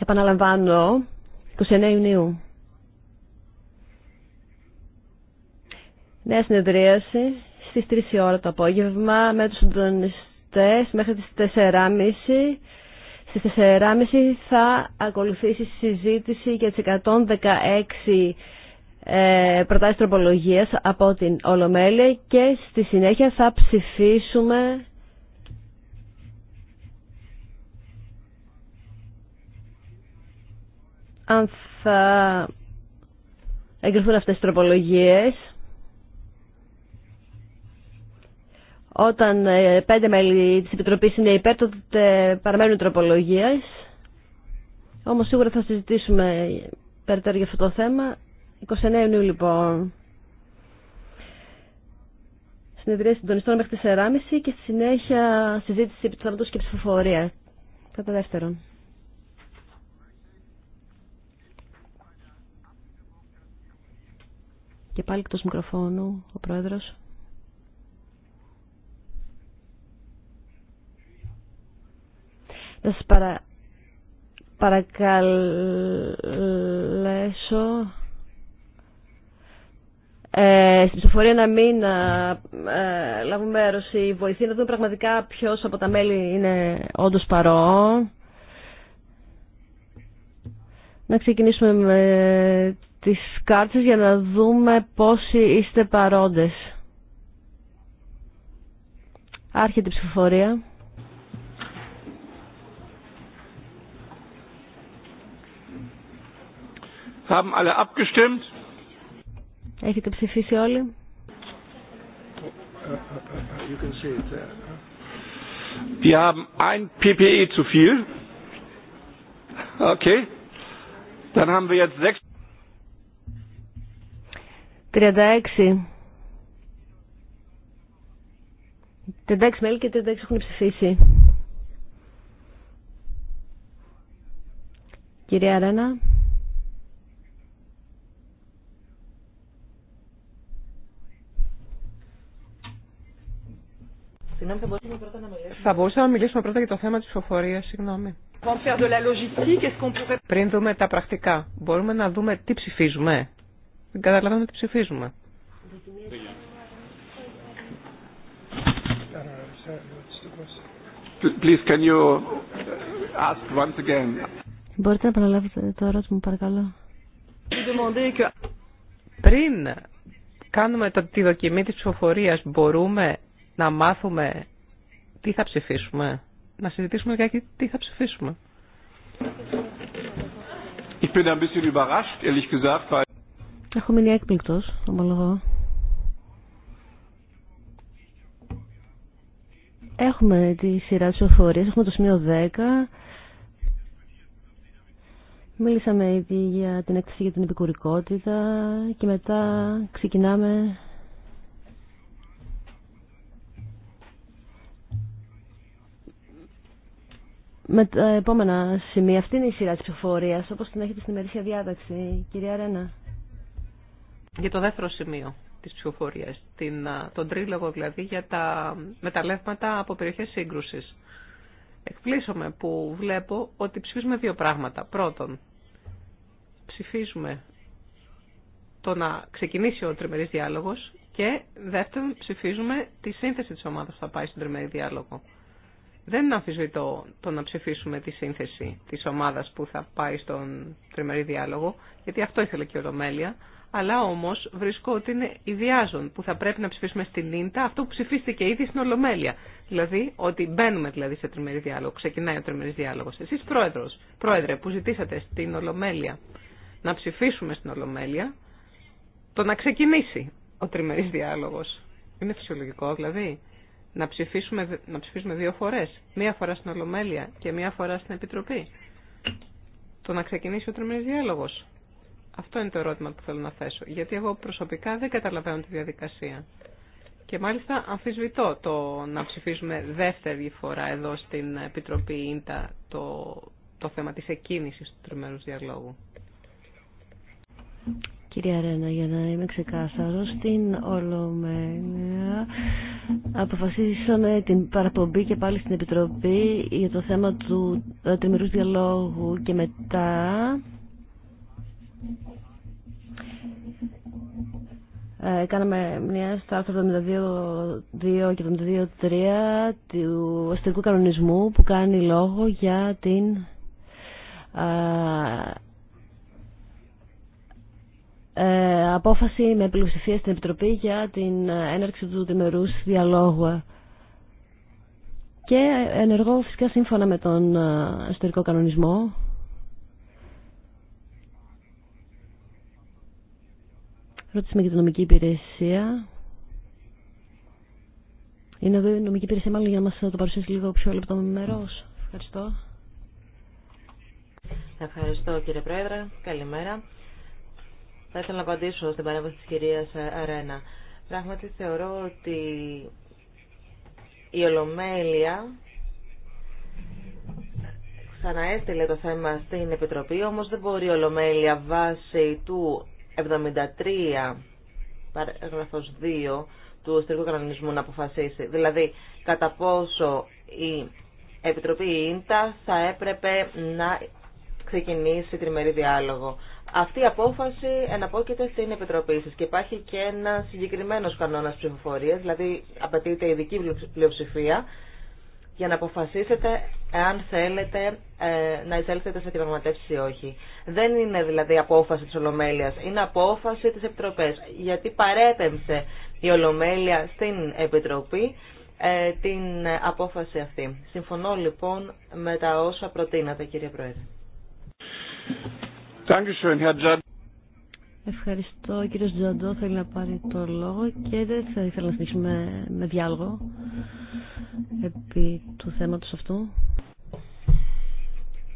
Επαναλαμβάνω, 29 Ιουνίου. Νέα συνεδρίαση στις 3 ώρα το απόγευμα με τους συντονιστές μέχρι τις 4.30. Στις 4.30 θα ακολουθήσει συζήτηση για τις 116 ε, προτάσεις τροπολογίας από την Ολομέλεια και στη συνέχεια θα ψηφίσουμε αν θα εγκριθούν αυτές τις τροπολογίες Όταν ε, πέντε μέλη της Επιτροπής είναι υπέρ, τότε παραμένουν τροπολογίες. Όμως σίγουρα θα συζητήσουμε περαιτέρω για αυτό το θέμα. 29 Ιουνίου λοιπόν. Συνεδρία συντονιστών μέχρι τις 4.30 και στη συνέχεια συζήτηση επί του και ψηφοφορία. Κατά δεύτερον. Και πάλι εκτός μικροφώνου ο Πρόεδρος. Σας παρα... παρακαλέσω ε, στην ψηφοφορία να μην ε, ε λάβουν η βοηθή να δούμε πραγματικά ποιος από τα μέλη είναι όντως παρόν. Να ξεκινήσουμε με τις κάρτες για να δούμε πόσοι είστε παρόντες. Άρχεται η ψηφοφορία. Haben alle abgestimmt? Έχετε ψηφίσει όλοι. Wir haben ein PPE zu viel. Okay. Dann haben wir jetzt sechs. 36. 36 θα μπορούσαμε να μιλήσουμε. πρώτα για το θέμα τη ψηφοφορία, συγγνώμη. Πριν δούμε τα πρακτικά, μπορούμε να δούμε τι ψηφίζουμε. Δεν καταλαβαίνω τι ψηφίζουμε. Uh, Μπορείτε να επαναλάβετε το ερώτημα, παρακαλώ. Πριν κάνουμε τη δοκιμή της ψηφοφορίας, μπορούμε να μάθουμε τι θα ψηφίσουμε, να συζητήσουμε και τι θα ψηφίσουμε. Ich bin ein bisschen Έχω μείνει έκπληκτος, ομολογώ. Έχουμε τη σειρά της οφορίας, έχουμε το σημείο 10. Μίλησαμε ήδη για την έκθεση για την επικουρικότητα και μετά ξεκινάμε με τα επόμενα σημεία. Αυτή είναι η σειρά της ψηφοφορία όπως την έχετε στην ημερήσια διάταξη, κυρία Ρένα. Για το δεύτερο σημείο της ψηφοφορία, τον τρίλογο δηλαδή, για τα μεταλλεύματα από περιοχές σύγκρουση. Εκπλήσωμε που βλέπω ότι ψηφίζουμε δύο πράγματα. Πρώτον, ψηφίζουμε το να ξεκινήσει ο τριμερή διάλογο και δεύτερον ψηφίζουμε τη σύνθεση τη ομάδα που θα πάει στον τριμερή διάλογο. Δεν αμφισβητώ το να ψηφίσουμε τη σύνθεση της ομάδας που θα πάει στον τριμερή διάλογο, γιατί αυτό ήθελε και η Ολομέλεια, αλλά όμω βρίσκω ότι είναι ιδιάζον που θα πρέπει να ψηφίσουμε στην ίντα αυτό που ψηφίστηκε ήδη στην Ολομέλεια. Δηλαδή ότι μπαίνουμε δηλαδή σε τριμερή διάλογο, ξεκινάει ο τριμερής διάλογο. Εσεί, πρόεδρος, πρόεδρε που ζητήσατε στην Ολομέλεια να ψηφίσουμε στην Ολομέλεια, το να ξεκινήσει ο τριμερή διάλογο. Είναι φυσιολογικό δηλαδή να ψηφίσουμε, να ψηφίσουμε δύο φορές, μία φορά στην Ολομέλεια και μία φορά στην Επιτροπή. Το να ξεκινήσει ο τριμμένος διάλογος. Αυτό είναι το ερώτημα που θέλω να θέσω. Γιατί εγώ προσωπικά δεν καταλαβαίνω τη διαδικασία. Και μάλιστα αμφισβητώ το να ψηφίσουμε δεύτερη φορά εδώ στην Επιτροπή ΙΝΤΑ το, το θέμα της εκκίνησης του τριμμένου διαλόγου. Κυρία Ρένα, για να είμαι ξεκάθαρο, στην Ολομέλεια αποφασίσαμε την παραπομπή και πάλι στην Επιτροπή για το θέμα του ε, τριμερούς διαλόγου και μετά ε, κάναμε μια στα άρθρα 72-2 και 72.3 του αστικού κανονισμού που κάνει λόγο για την ε, ε, απόφαση με πλειοψηφία στην Επιτροπή για την έναρξη του διμερούς διαλόγου και ενεργώ φυσικά σύμφωνα με τον ε, εσωτερικό κανονισμό Ρώτησαμε και την νομική υπηρεσία. Είναι εδώ η νομική υπηρεσία μάλλον για να μας το παρουσιάσει λίγο πιο μέρο. Ευχαριστώ. Ευχαριστώ κύριε Πρόεδρε. Καλημέρα. Θα ήθελα να απαντήσω στην παρέμβαση της κυρίας Αρένα. Πράγματι θεωρώ ότι η Ολομέλεια ξαναέστειλε το θέμα στην Επιτροπή, όμως δεν μπορεί η Ολομέλεια βάσει του 73 παράγραφος 2 του Οστρικού Κανονισμού να αποφασίσει. Δηλαδή, κατά πόσο η Επιτροπή ΙΝΤΑ θα έπρεπε να ξεκινήσει τριμερή διάλογο. Αυτή η απόφαση εναπόκειται στην Επιτροπή σα και υπάρχει και ένα συγκεκριμένο κανόνα ψηφοφορία, δηλαδή απαιτείται ειδική πλειοψηφία για να αποφασίσετε εάν θέλετε ε, να εισέλθετε σε διαπραγματεύσει ή όχι. Δεν είναι δηλαδή απόφαση της Ολομέλειας, είναι απόφαση της Επιτροπής, γιατί παρέπεμψε η οχι δεν ειναι δηλαδη αποφαση της ολομέλεια, ειναι αποφαση της επιτροπης γιατι παρεπεμψε η ολομελεια στην Επιτροπή ε, την απόφαση αυτή. Συμφωνώ λοιπόν με τα όσα προτείνατε κύριε Πρόεδρε. Ευχαριστώ. Ο κύριος Τζαντό θέλει να πάρει το λόγο και δεν θα ήθελα να συνεχίσουμε με διάλογο επί του θέματος αυτού.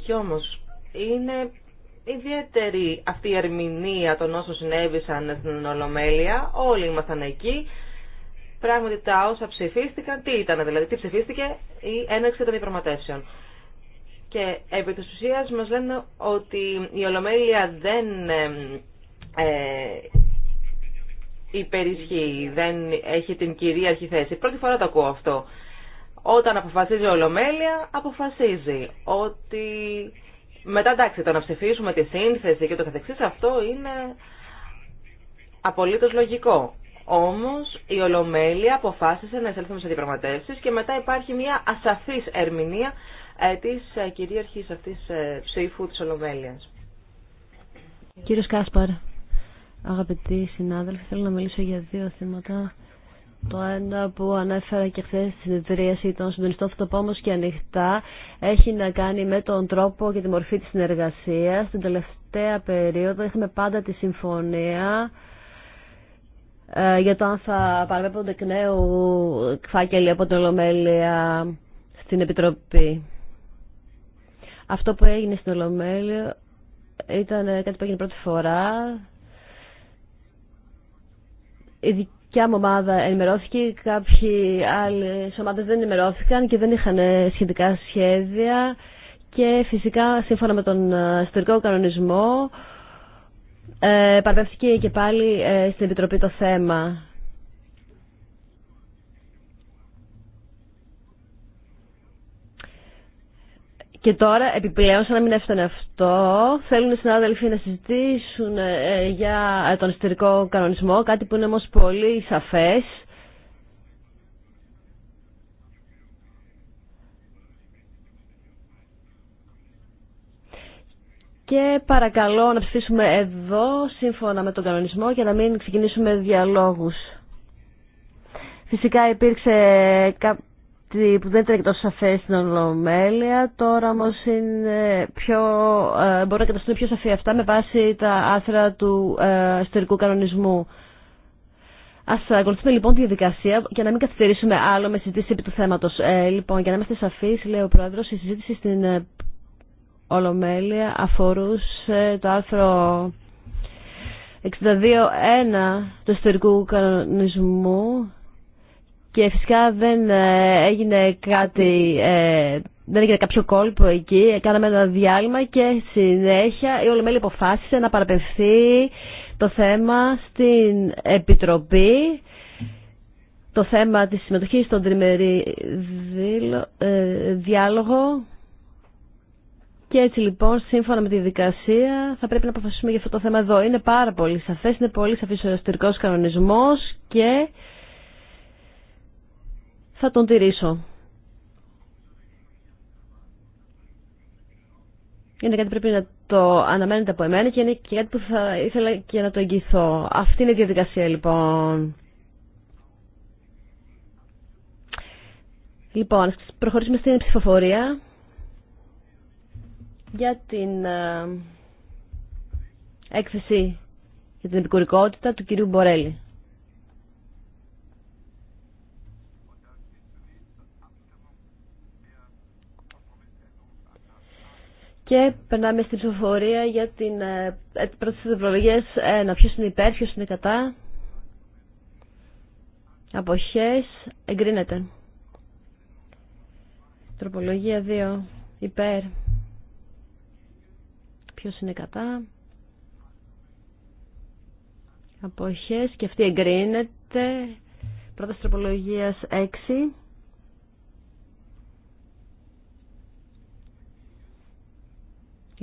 Κι όμως είναι ιδιαίτερη αυτή η ερμηνεία των όσων συνέβησαν στην Ολομέλεια. Όλοι ήμασταν εκεί. Πράγματι τα όσα ψηφίστηκαν, τι ήταν δηλαδή, τι ψηφίστηκε η έναρξη των διαπραγματεύσεων και επί της ουσίας μας λένε ότι η Ολομέλεια δεν ε, υπερισχύει, δεν έχει την κυρίαρχη θέση. Πρώτη φορά το ακούω αυτό. Όταν αποφασίζει η Ολομέλεια, αποφασίζει ότι μετά εντάξει το να ψηφίσουμε τη σύνθεση και το καθεξής αυτό είναι απολύτως λογικό. Όμως η Ολομέλεια αποφάσισε να εισέλθουμε σε διαπραγματεύσεις και μετά υπάρχει μια ασαφής ερμηνεία ε, της ε, κυρίαρχης αυτής ε, ψήφου τη Ολομέλειας. Κύριος Κάσπαρ, αγαπητοί συνάδελφοι, θέλω να μιλήσω για δύο θέματα. Το ένα που ανέφερα και χθε στη συνεδρίαση των συντονιστών, θα το πω και ανοιχτά, έχει να κάνει με τον τρόπο και τη μορφή τη συνεργασία. Στην τελευταία περίοδο είχαμε πάντα τη συμφωνία για το αν θα παραπέμπονται εκ νέου κφάκελοι από την Ολομέλεια στην Επιτροπή. Αυτό που έγινε στην Ολομέλεια ήταν κάτι που έγινε πρώτη φορά. Η δικιά μου ομάδα ενημερώθηκε, κάποιοι άλλοι ομάδες δεν ενημερώθηκαν και δεν είχαν σχετικά σχέδια και φυσικά σύμφωνα με τον ε, ιστορικό κανονισμό ε, και πάλι ε, στην Επιτροπή το θέμα. Και τώρα, επιπλέον, σαν να μην έφτανε αυτό, θέλουν οι συνάδελφοι να συζητήσουν ε, για ε, τον εσωτερικό κανονισμό, κάτι που είναι όμω πολύ σαφές. Και παρακαλώ να ψηφίσουμε εδώ, σύμφωνα με τον κανονισμό, για να μην ξεκινήσουμε διαλόγους. Φυσικά υπήρξε που δεν ήταν και τόσο σαφέ στην Ολομέλεια. Τώρα όμω είναι πιο, ε, μπορούν να καταστούν πιο σαφή αυτά με βάση τα άθρα του εσωτερικού κανονισμού. Α ακολουθήσουμε λοιπόν τη διαδικασία για να μην καθυστερήσουμε άλλο με συζήτηση επί του θέματο. Ε, λοιπόν, για να είμαστε σαφεί, λέει ο Πρόεδρο, η συζήτηση στην ε, Ολομέλεια αφορούσε το άρθρο 62.1 του ιστορικού κανονισμού και φυσικά δεν ε, έγινε κάτι, ε, δεν έγινε κάποιο κόλπο εκεί. Κάναμε ένα διάλειμμα και συνέχεια η Ολομέλη αποφάσισε να παραπευθεί το θέμα στην Επιτροπή το θέμα της συμμετοχής στον τριμερή ε, διάλογο και έτσι λοιπόν σύμφωνα με τη δικασία θα πρέπει να αποφασίσουμε για αυτό το θέμα εδώ. Είναι πάρα πολύ σαφές, είναι πολύ σαφής ο εσωτερικός κανονισμός και θα τον τηρήσω. Είναι κάτι που πρέπει να το αναμένετε από εμένα και είναι και κάτι που θα ήθελα και να το εγγυηθώ. Αυτή είναι η διαδικασία λοιπόν. Λοιπόν, προχωρήσουμε στην ψηφοφορία για την ε, έκθεση για την επικουρικότητα του κυρίου Μπορέλη. Και περνάμε στην ψηφοφορία για την ε, ε, πρώτη τη ευρωβουλευτική. Ένα. Ποιο είναι υπέρ, ποιο είναι κατά. Αποχέ. Εγκρίνεται. Τροπολογία 2. Υπέρ. Ποιο είναι κατά. Αποχέ. Και αυτή εγκρίνεται. Πρώτα τροπολογία 6.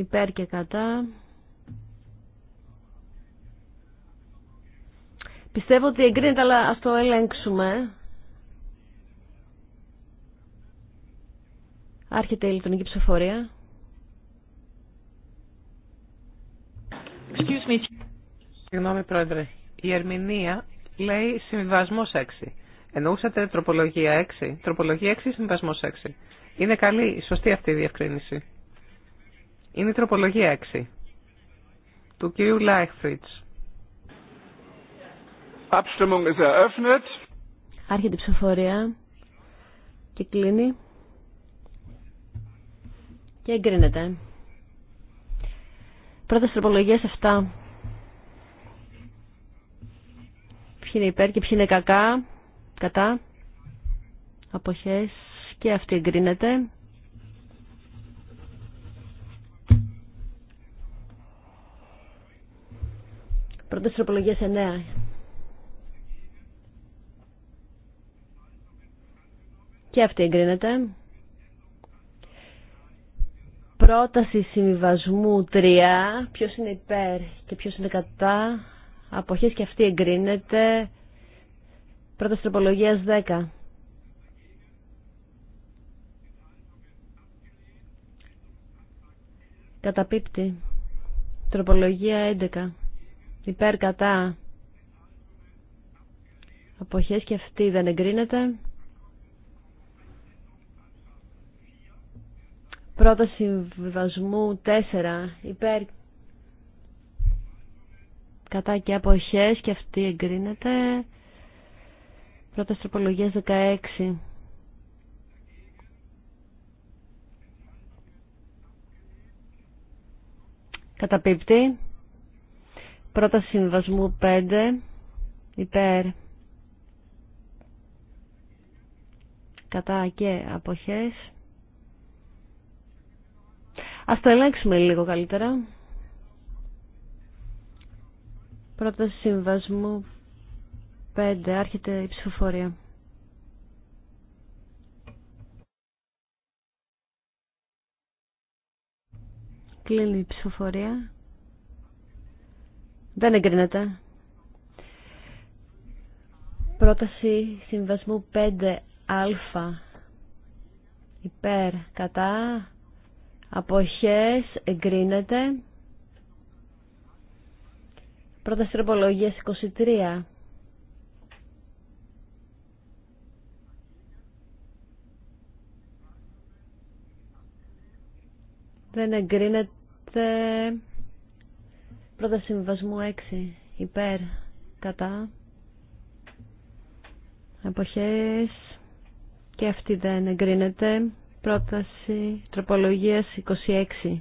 υπέρ και κατά. Πιστεύω ότι εγκρίνεται, αλλά ας το ελέγξουμε. Άρχεται η ηλεκτρονική ψηφοφορία. Excuse me. Συγγνώμη, Πρόεδρε. Η ερμηνεία λέει συμβιβασμό 6. Εννοούσατε τροπολογία 6. Τροπολογία 6 ή συμβιβασμό 6. Είναι καλή, σωστή αυτή η διευκρίνηση. Είναι η τροπολογία 6 του κυρίου Λάιχφριτς. Abstimmung ist eröffnet. Άρχεται η ψηφοφορία και κλείνει και εγκρίνεται. Πρώτα τροπολογίες 7. Ποιοι είναι υπέρ και ποιοι είναι κακά, κατά, αποχές και αυτή εγκρίνεται. Πρώτες τροπολογίες 9. Και αυτή εγκρίνεται. Πρόταση συμβιβασμού 3. Ποιος είναι υπέρ και ποιος είναι κατά. Αποχές και αυτή εγκρίνεται. Πρόταση τροπολογίας 10. Καταπίπτει. Τροπολογία 11 υπέρ κατά αποχές και αυτή δεν εγκρίνεται. Πρώτα συμβασμού 4 υπέρ κατά και αποχές και αυτή εγκρίνεται. Πρώτα τροπολογίας 16. Καταπίπτει. Πρώτα συμβασμού 5 υπέρ κατά και αποχές. Ας το ελέγξουμε λίγο καλύτερα. Πρώτα συμβασμού 5 άρχεται η ψηφοφορία. Κλείνει η ψηφοφορία. Δεν εγκρίνεται. Πρόταση συμβασμού 5α. Υπέρ, κατά, αποχές, εγκρίνεται. Πρόταση τροπολογίας 23. Δεν εγκρίνεται Πρώτα συμβασμού 6. Υπέρ. Κατά. Εποχές. Και αυτή δεν εγκρίνεται. Πρόταση τροπολογίας 26.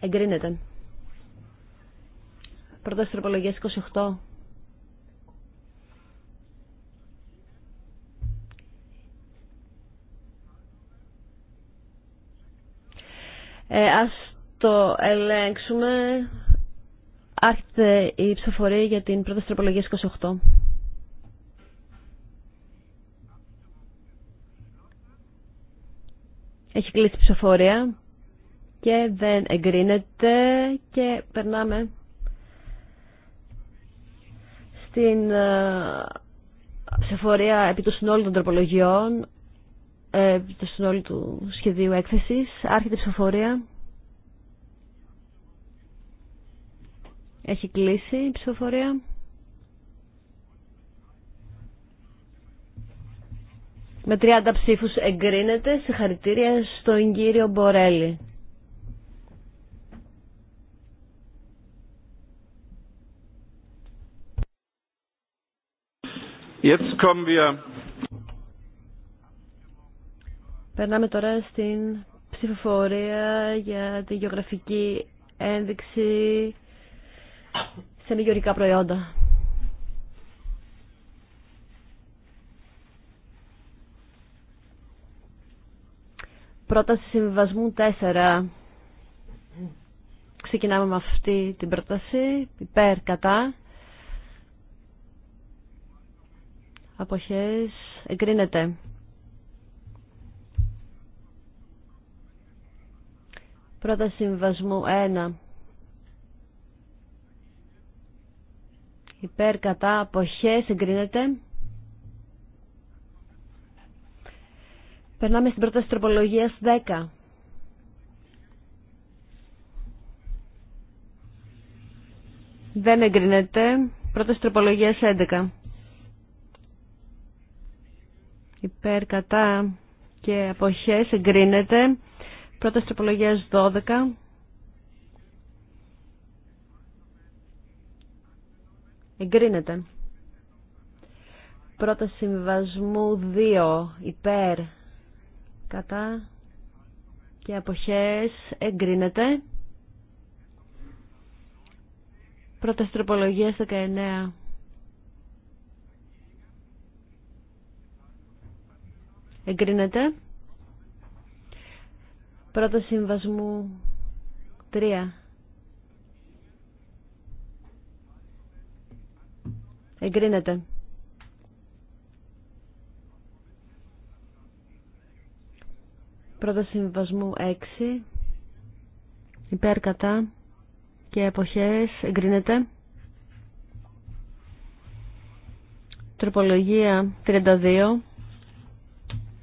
Εγκρίνεται. Πρόταση τροπολογίας 28. Ε, ας το ελέγξουμε. Άρχεται η ψηφοφορία για την πρόταση τροπολογία 28. Έχει κλείσει η ψηφοφορία και δεν εγκρίνεται και περνάμε στην ε, ψηφοφορία επί του συνόλου των τροπολογιών ε, το του σχεδίου έκθεσης. Άρχεται η ψηφοφορία. Έχει κλείσει η ψηφοφορία. Με 30 ψήφους εγκρίνεται. Συγχαρητήρια στον κύριο Μπορέλη. Jetzt kommen wir Περνάμε τώρα στην ψηφοφορία για τη γεωγραφική ένδειξη σε μη προϊόντα. Πρόταση συμβιβασμού 4. Ξεκινάμε με αυτή την πρόταση. Υπέρ, κατά. Αποχές. Εγκρίνεται. Πρώτα συμβασμού 1. Υπέρ κατά αποχές εγκρίνεται. Περνάμε στην πρόταση τροπολογίας 10. Δεν εγκρίνεται. Πρόταση τροπολογίας 11. Υπέρ κατά και αποχές εγκρίνεται. Πρώτα τροπολογία 12. Εγκρίνεται. Πρώτα συμβασμού 2. Υπέρ. Κατά. Και αποχές. Εγκρίνεται. Πρώτα τροπολογία 19. Εγκρίνεται. Πρώτο συμβασμού 3. Εγκρίνεται. Πρώτο συμβασμού 6. υπέρκατα και εποχές εγκρίνεται. Τροπολογία 32.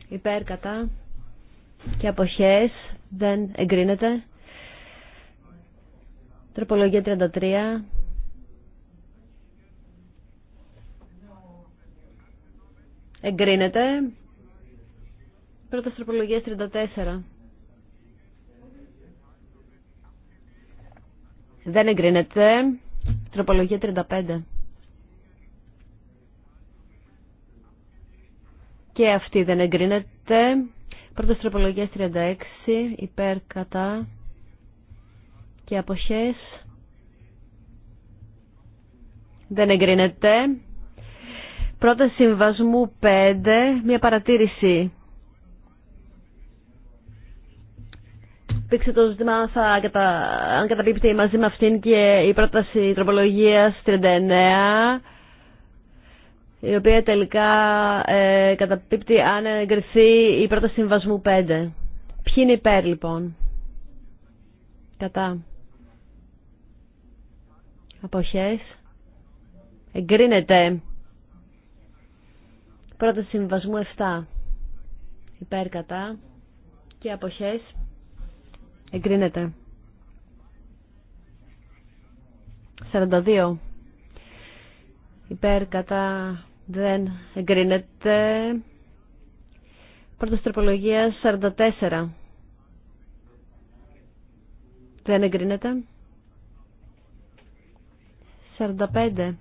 υπέρκατα και αποχέ δεν εγκρίνεται. Τροπολογία 33. Εγκρίνεται. Πρώτα τροπολογία 34. Δεν εγκρίνεται. Τροπολογία 35. Και αυτή δεν εγκρίνεται. Πρώτος τροπολογίας 36, υπέρ, κατά και αποχές. Δεν εγκρίνεται. Πρώτες συμβασμού 5, μια παρατήρηση. Πήξε το ζήτημα αν, κατα... αν καταπίπτει μαζί με αυτήν και η πρόταση τροπολογίας 39 η οποία τελικά ε, καταπίπτει αν εγκριθεί η πρώτα συμβασμού 5. Ποιοι είναι υπέρ λοιπόν. Κατά. Αποχές. Εγκρίνεται. Πρώτα συμβασμού 7. Υπέρ κατά. Και αποχές. Εγκρίνεται. 42. Υπέρ κατά δεν εγκρίνεται. Πρώτα τροπολογία 44. Δεν εγκρίνεται. 45.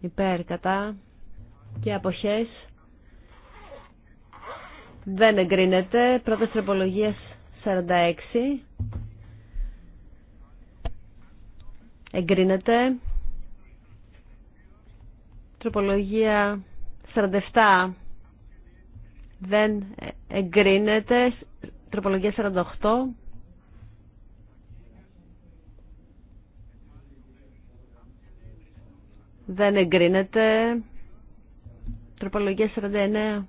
Υπέρ, κατά και αποχές. Δεν εγκρίνεται. Πρώτες τροπολογία 46. Εγκρίνεται. Τροπολογία 47 δεν εγκρίνεται. Τροπολογία 48. Δεν εγκρίνεται. Τροπολογία 49.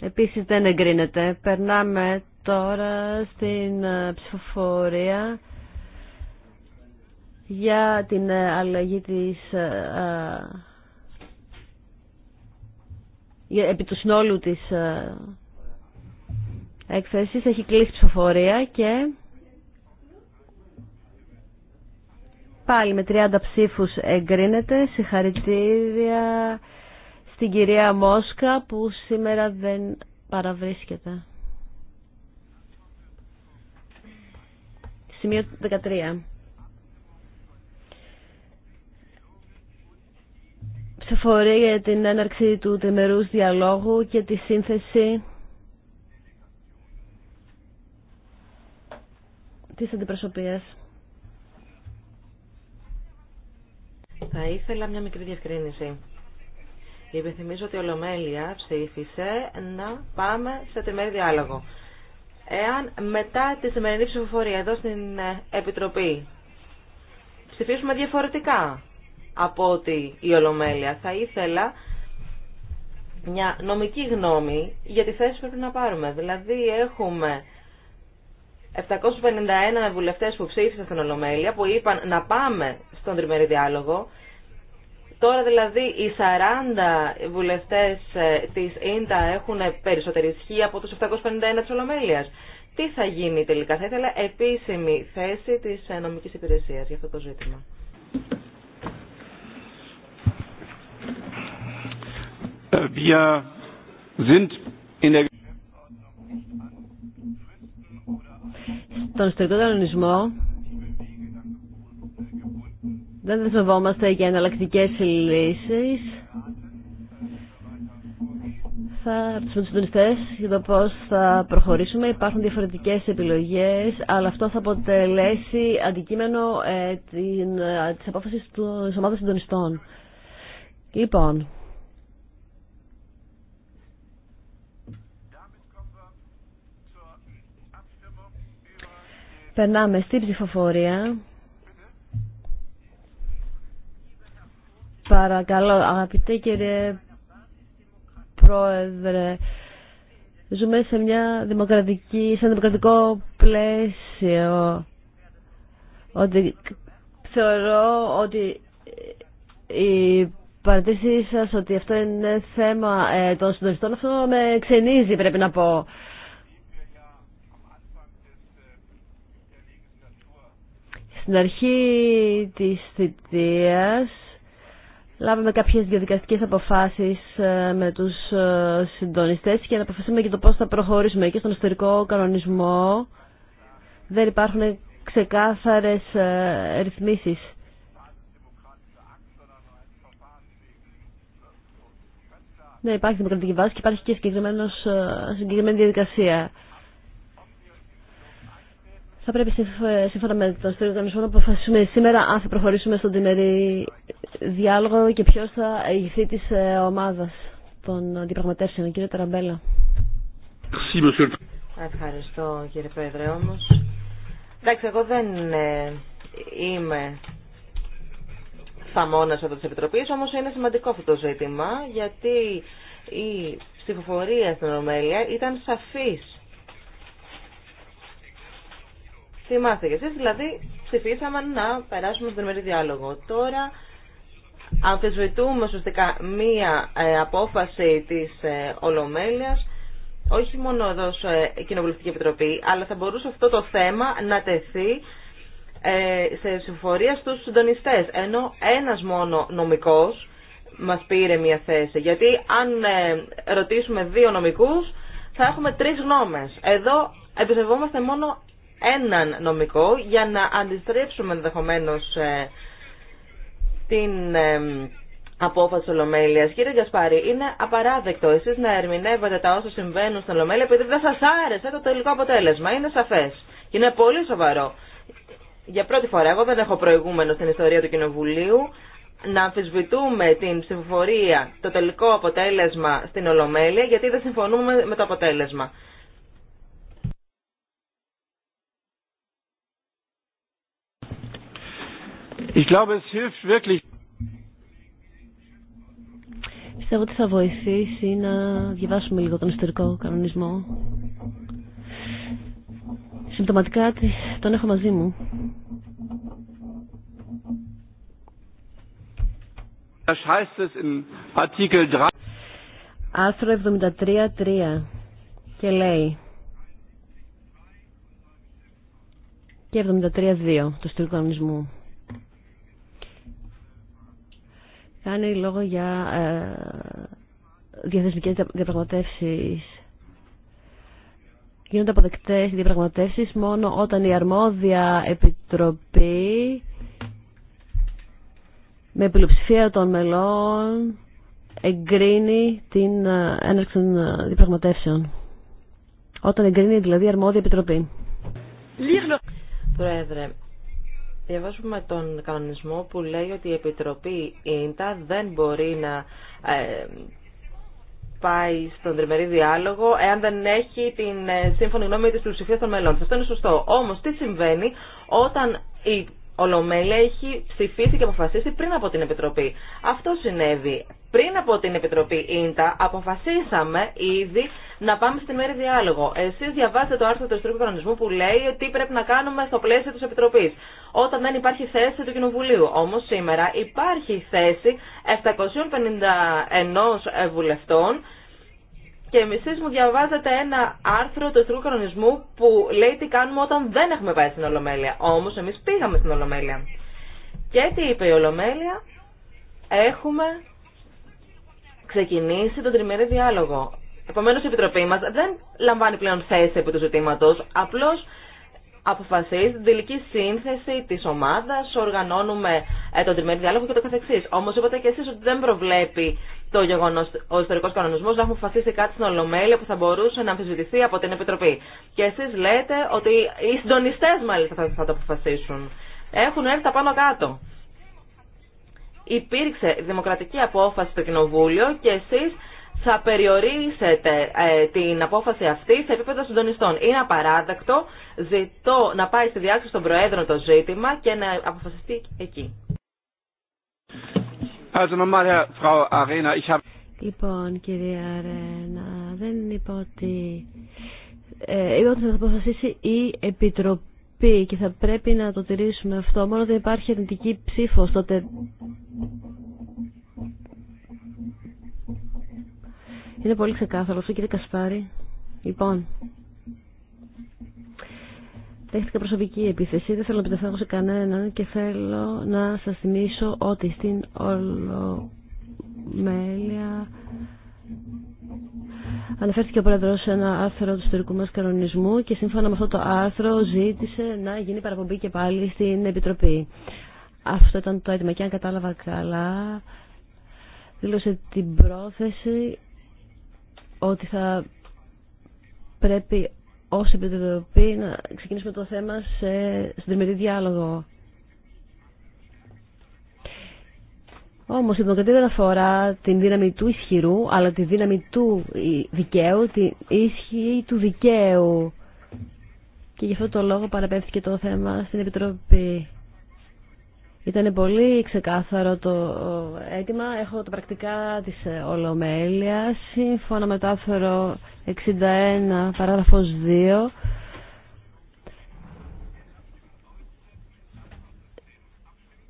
Επίσης δεν εγκρίνεται. Περνάμε τώρα στην ε, ψηφοφορία για την ε, αλλαγή της ε, ε, επί του συνόλου της έκθεσης έχει κλείσει ψηφοφορία και πάλι με 30 ψήφους εγκρίνεται συγχαρητήρια στην κυρία Μόσκα που σήμερα δεν παραβρίσκεται σημείο 13 ψηφορία για την έναρξη του τριμερούς διαλόγου και τη σύνθεση της αντιπροσωπείας. Θα ήθελα μια μικρή διευκρίνηση. Υπενθυμίζω ότι η Ολομέλεια ψήφισε να πάμε σε τριμερή διάλογο. Εάν μετά τη σημερινή ψηφοφορία εδώ στην ε, Επιτροπή ψηφίσουμε διαφορετικά από ότι η Ολομέλεια. Θα ήθελα μια νομική γνώμη για τη θέση που πρέπει να πάρουμε. Δηλαδή έχουμε 751 βουλευτές που ψήφισαν στην Ολομέλεια που είπαν να πάμε στον τριμερή διάλογο. Τώρα δηλαδή οι 40 βουλευτές ε, της ΙΝΤΑ έχουν περισσότερη ισχύ από τους 751 της Ολομέλειας. Τι θα γίνει τελικά, θα ήθελα επίσημη θέση της ε, νομικής υπηρεσίας για αυτό το ζήτημα. Wir sind in der Στον ιστορικό κανονισμό δεν δεσμευόμαστε για εναλλακτικέ λύσει. Θα ρωτήσουμε του συντονιστέ για το πώ θα προχωρήσουμε. Υπάρχουν διαφορετικέ επιλογέ, αλλά αυτό θα αποτελέσει αντικείμενο ε, τη ε, απόφαση τη ομάδα συντονιστών. Λοιπόν, Περνάμε στην ψηφοφορία. Παρακαλώ, αγαπητέ κύριε Πρόεδρε, ζούμε σε μια δημοκρατική, σε ένα δημοκρατικό πλαίσιο. Ότι θεωρώ ότι η παρατήρησή σας ότι αυτό είναι θέμα ε, των συντονιστών, αυτό με ξενίζει πρέπει να πω. Στην αρχή της θητείας λάβαμε κάποιες διαδικαστικές αποφάσεις ε, με τους ε, συντονιστές και να αποφασίσουμε και το πώς θα προχωρήσουμε. Και στον ιστορικό κανονισμό δεν υπάρχουν ξεκάθαρες ε, ρυθμίσεις. Ναι, υπάρχει δημοκρατική βάση και υπάρχει και συγκεκριμένη διαδικασία. Θα πρέπει σύμφωνα με τον στήριο κανονισμό να αποφασίσουμε σήμερα αν θα προχωρήσουμε στον τιμερή διάλογο και ποιο θα ηγηθεί τη ε, ομάδα των αντιπραγματεύσεων. Κύριε Ταραμπέλα. Ευχαριστώ κύριε Πρόεδρε όμω. Εντάξει, εγώ δεν ε, είμαι θαμώνα εδώ τη Επιτροπή, όμω είναι σημαντικό αυτό το ζήτημα γιατί η ψηφοφορία στην ομέλεια ήταν σαφής Θυμάστε εσείς, δηλαδή ψηφίσαμε να περάσουμε στον μερή διάλογο. Τώρα αμφισβητούμε ουσιαστικά μία ε, απόφαση της ε, Ολομέλειας, όχι μόνο εδώ ε, Κοινοβουλευτική Επιτροπή, αλλά θα μπορούσε αυτό το θέμα να τεθεί ε, σε συμφορία στους συντονιστές, ενώ ένας μόνο νομικός μας πήρε μία θέση. Γιατί αν ε, ρωτήσουμε δύο νομικούς, θα έχουμε τρεις γνώμες. Εδώ εμπιστευόμαστε μόνο έναν νομικό για να αντιστρέψουμε ενδεχομένω ε, την ε, απόφαση Ολομέλεια. Κύριε Γιασπάρη, είναι απαράδεκτο εσεί να ερμηνεύετε τα όσα συμβαίνουν στην Ολομέλεια επειδή δεν σα άρεσε το τελικό αποτέλεσμα. Είναι σαφέ. Και είναι πολύ σοβαρό. Για πρώτη φορά, εγώ δεν έχω προηγούμενο στην ιστορία του Κοινοβουλίου να αμφισβητούμε την ψηφοφορία, το τελικό αποτέλεσμα στην Ολομέλεια, γιατί δεν συμφωνούμε με το αποτέλεσμα. Ich glaube, es hilft wirklich. Πιστεύω ότι θα βοηθήσει να διαβάσουμε λίγο τον ιστορικό κανονισμό. Συμπτωματικά τον έχω μαζί μου. Das heißt 3. Άρθρο 73.3 και λέει και 73.2 του ιστορικού κανονισμού. κάνει λόγο για ε, διαθεσμικές διαπραγματεύσεις. Γίνονται αποδεκτές οι διαπραγματεύσεις μόνο όταν η αρμόδια επιτροπή με πλειοψηφία των μελών εγκρίνει την ε, έναρξη των ε, διαπραγματεύσεων. Όταν εγκρίνει δηλαδή η αρμόδια επιτροπή διαβάζουμε τον κανονισμό που λέει ότι η Επιτροπή ΙΝΤΑ δεν μπορεί να ε, πάει στον τριμερή διάλογο εάν δεν έχει την ε, σύμφωνη γνώμη της πλειοψηφίας των μελών. Αυτό είναι σωστό. Όμως τι συμβαίνει όταν η Ολομέλεια έχει ψηφίσει και αποφασίσει πριν από την Επιτροπή. Αυτό συνέβη. Πριν από την Επιτροπή Ίντα αποφασίσαμε ήδη να πάμε στην μέρη διάλογο. Εσεί διαβάζετε το άρθρο του ιστορικού κανονισμού που λέει τι πρέπει να κάνουμε στο πλαίσιο τη Επιτροπή. Όταν δεν υπάρχει θέση του Κοινοβουλίου. Όμω σήμερα υπάρχει θέση 751 βουλευτών και εσεί μου διαβάζετε ένα άρθρο του εθνικού κανονισμού που λέει τι κάνουμε όταν δεν έχουμε πάει στην Ολομέλεια. Όμω εμεί πήγαμε στην Ολομέλεια. Και τι είπε η Ολομέλεια. Έχουμε ξεκινήσει τον τριμερή διάλογο. Επομένω η Επιτροπή μα δεν λαμβάνει πλέον θέση επί του ζητήματο. Απλώ αποφασίζει την τελική σύνθεση τη ομάδα, οργανώνουμε ε, τον τριμερή διάλογο και το καθεξή. Όμω είπατε και εσεί ότι δεν προβλέπει το ο ιστορικό κανονισμό να έχουν αποφασίσει κάτι στην Ολομέλεια που θα μπορούσε να αμφισβητηθεί από την Επιτροπή. Και εσεί λέτε ότι οι συντονιστέ μάλιστα θα το αποφασίσουν. Έχουν έρθει τα πάνω κάτω. Υπήρξε δημοκρατική απόφαση στο Κοινοβούλιο και εσείς θα περιορίσετε ε, την απόφαση αυτή σε επίπεδο συντονιστών. Είναι απαράδεκτο. Ζητώ να πάει στη διάσκεψη των Προέδρων το ζήτημα και να αποφασιστεί εκεί. Λοιπόν, κυρία Αρένα, δεν είπα ότι... Ε, είπα ότι θα αποφασίσει η Επιτροπή και θα πρέπει να το τηρήσουμε αυτό. Μόνο ότι υπάρχει αρνητική ψήφος τότε Είναι πολύ ξεκάθαρο αυτό κύριε Κασπάρη. Λοιπόν, δέχτηκα προσωπική επίθεση, δεν θέλω να επιτεθώ σε κανέναν και θέλω να σας θυμίσω ότι στην Ολομέλεια αναφέρθηκε ο πρόεδρο σε ένα άρθρο του ιστορικού μα κανονισμού και σύμφωνα με αυτό το άρθρο ζήτησε να γίνει παραπομπή και πάλι στην Επιτροπή. Αυτό ήταν το αίτημα και αν κατάλαβα καλά δήλωσε την πρόθεση ότι θα πρέπει ως Επιτροπή να ξεκινήσουμε το θέμα σε συντριμερή διάλογο. Όμως η δημοκρατία δεν αφορά την δύναμη του ισχυρού, αλλά τη δύναμη του δικαίου, τη ισχύ του δικαίου. Και γι' αυτό το λόγο παραπέμφθηκε το θέμα στην Επιτροπή. Ήταν πολύ ξεκάθαρο το αίτημα. Έχω τα πρακτικά τη ε, ολομέλεια. Σύμφωνα με το 61 παράγραφος 2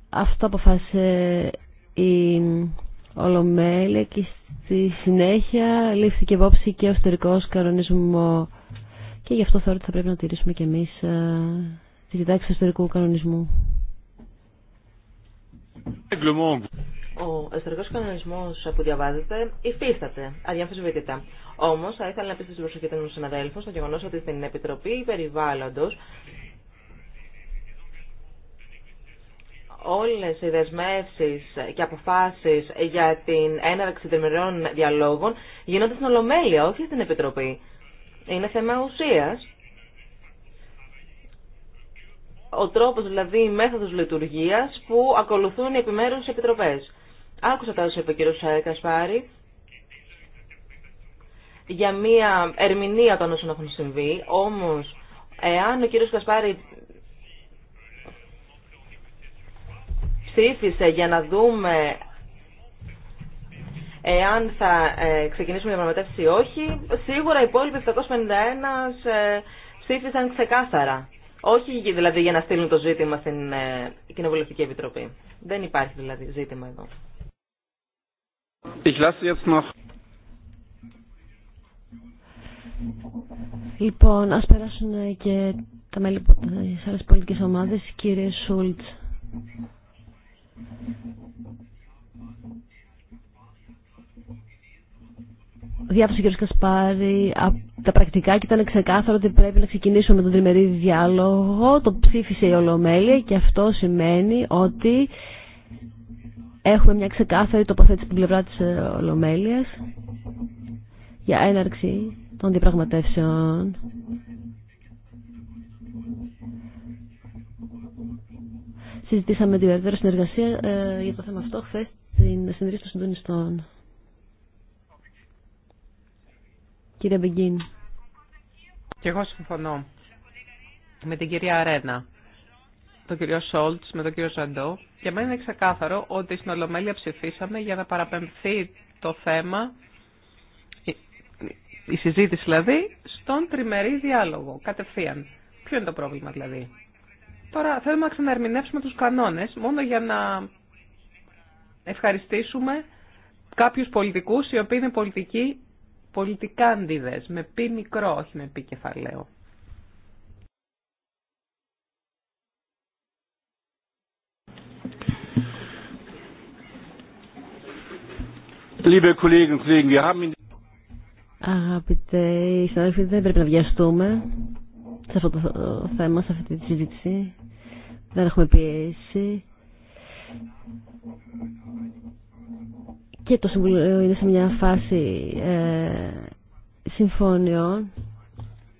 Αυτό αποφάσισε η Ολομέλεια και στη συνέχεια λήφθηκε υπόψη και ο εσωτερικό κανονισμό και γι' αυτό θεωρώ ότι θα πρέπει να τηρήσουμε κι εμείς ε, τη διδάξη του εσωτερικού κανονισμού. Ο εσωτερικό κανονισμό που διαβάζεται υφίσταται αδιαμφισβήτητα. Όμω, θα ήθελα να πείτε στην προσοχή των συναδέλφων στο γεγονό ότι στην Επιτροπή Περιβάλλοντο όλες οι δεσμεύσει και αποφάσει για την έναρξη τριμερών διαλόγων γίνονται στην Ολομέλεια, όχι στην Επιτροπή. Είναι θέμα ουσία ο τρόπος δηλαδή η μέθοδος λειτουργίας που ακολουθούν οι επιμέρους επιτροπές. Άκουσα τα όσα είπε ο κ. Κασπάρη για μια ερμηνεία των όσων έχουν συμβεί, όμως εάν ο κ. Κασπάρη ψήφισε για να δούμε εάν θα ε, ξεκινήσουμε διαπραγματεύσει ή όχι, σίγουρα οι υπόλοιποι 751 ε, ψήφισαν ξεκάθαρα. Όχι δηλαδή για να στείλουν το ζήτημα στην ε, Κοινοβουλευτική Επιτροπή. Δεν υπάρχει δηλαδή ζήτημα εδώ. Ich lasse jetzt noch... Λοιπόν, ας περάσουν ε, και τα μέλη της άλλες πολιτικές ομάδες, κύριε Σούλτ. διάβασε ο κ. Κασπάρη τα πρακτικά και ήταν ξεκάθαρο ότι πρέπει να ξεκινήσουμε τον τριμερή διάλογο. Το ψήφισε η Ολομέλεια και αυτό σημαίνει ότι έχουμε μια ξεκάθαρη τοποθέτηση από την πλευρά της ε, Ολομέλειας για έναρξη των διαπραγματεύσεων. Συζητήσαμε τη περαιτέρω συνεργασία ε, για το θέμα αυτό χθε στην συνεδρίαση των συντονιστών. Κύριε Μπεγκίν. Και εγώ συμφωνώ με την κυρία Αρένα, τον κύριο Σόλτ, με τον κύριο Ζαντό. Για μένα είναι ξεκάθαρο ότι στην Ολομέλεια ψηφίσαμε για να παραπεμφθεί το θέμα, η συζήτηση δηλαδή, στον τριμερή διάλογο, κατευθείαν. Ποιο είναι το πρόβλημα δηλαδή. Τώρα θέλουμε να ξαναερμηνεύσουμε τους κανόνες, μόνο για να ευχαριστήσουμε κάποιους πολιτικούς οι οποίοι είναι πολιτικοί πολιτικάντιδες, με πι μικρό, όχι με πι κεφαλαίο. Αγαπητέ συνάδελφοι, δεν πρέπει να βιαστούμε σε αυτό το θέμα, σε αυτή τη συζήτηση. Δεν έχουμε πιέσει και το Συμβουλίο είναι σε μια φάση ε, συμφώνιων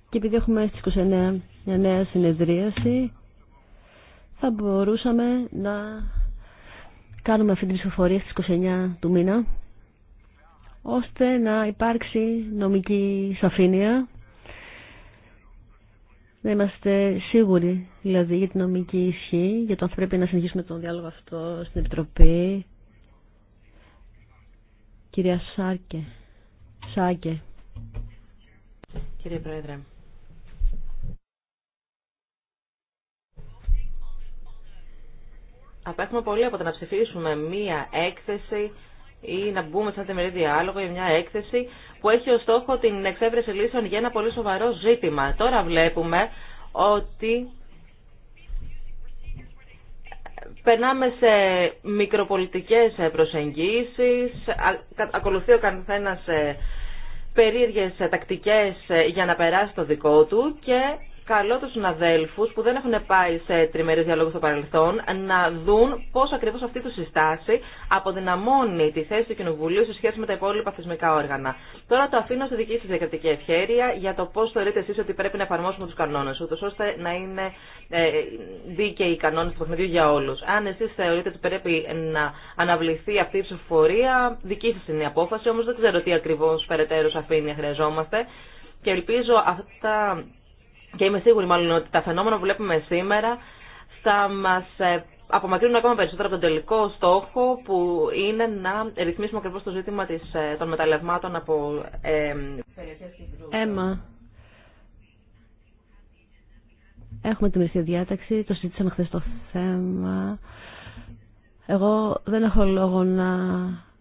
και επειδή έχουμε στι 29 μια νέα συνεδρίαση θα μπορούσαμε να κάνουμε αυτή την ψηφοφορία στις 29 του μήνα ώστε να υπάρξει νομική σαφήνεια να είμαστε σίγουροι δηλαδή για την νομική ισχύ για το αν πρέπει να συνεχίσουμε τον διάλογο αυτό στην Επιτροπή Κυρία Σάρκε. Σάκε. Κύριε Πρόεδρε. Απέχουμε πολύ από το να ψηφίσουμε μία έκθεση ή να μπούμε σε ένα τεμερη διάλογο για μια έκθεση που έχει ως στόχο την εξέβρεση λύσεων για ένα πολύ σοβαρό ζήτημα. Τώρα βλέπουμε ότι Περνάμε σε μικροπολιτικές προσεγγίσεις, ακολουθεί ο καθένας ε, περίεργες ε, τακτικές ε, για να περάσει το δικό του και καλώ του συναδέλφου που δεν έχουν πάει σε τριμερεί διαλόγου στο παρελθόν να δουν πώ ακριβώ αυτή του συστάση αποδυναμώνει τη θέση του Κοινοβουλίου σε σχέση με τα υπόλοιπα θεσμικά όργανα. Τώρα το αφήνω στη δική σα διακριτική ευχαίρεια για το πώ θεωρείτε εσεί ότι πρέπει να εφαρμόσουμε του κανόνε, ούτω ώστε να είναι ε, δίκαιοι οι κανόνε του παιχνιδιού για όλου. Αν εσεί θεωρείτε ότι πρέπει να αναβληθεί αυτή η ψηφοφορία, δική σα είναι η απόφαση, όμω δεν ξέρω τι ακριβώ περαιτέρω σαφήνεια χρειαζόμαστε. Και ελπίζω αυτά και είμαι σίγουρη μάλλον ότι τα φαινόμενα που βλέπουμε σήμερα θα μας ε, απομακρύνουν ακόμα περισσότερο από τον τελικό στόχο που είναι να ρυθμίσουμε ακριβώ το ζήτημα της, ε, των μεταλλευμάτων από ε, Έμα. Έχουμε την μερική διάταξη, το συζήτησαμε χθε το θέμα. Εγώ δεν έχω λόγο να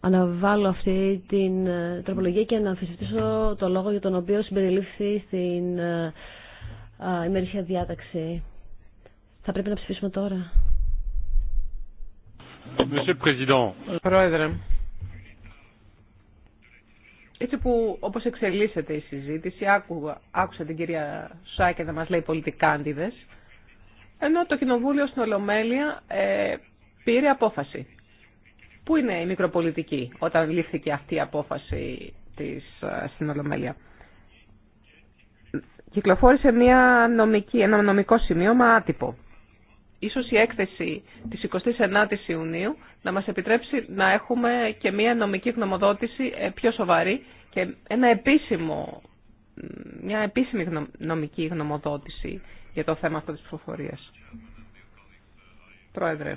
αναβάλω αυτή την ε, τροπολογία και να αμφισβητήσω το λόγο για τον οποίο συμπεριλήφθη στην μερισία διάταξη. Θα πρέπει να ψηφίσουμε τώρα. Πρόεδρε, έτσι που όπως εξελίσσεται η συζήτηση, άκου άκουσα την κυρία Σάκη να μας λέει αντίδες, ενώ το Κοινοβούλιο στην Ολομέλεια ε, πήρε απόφαση. Πού είναι η μικροπολιτική όταν λήφθηκε αυτή η απόφαση της, ε, στην Ολομέλεια κυκλοφόρησε μια νομική, ένα νομικό σημείωμα άτυπο. Ίσως η έκθεση της 29ης Ιουνίου να μας επιτρέψει να έχουμε και μια νομική γνωμοδότηση ε, πιο σοβαρή και ένα επίσημο, μια επίσημη νομική γνωμοδότηση για το θέμα αυτό της ψηφοφορίας. Πρόεδρε,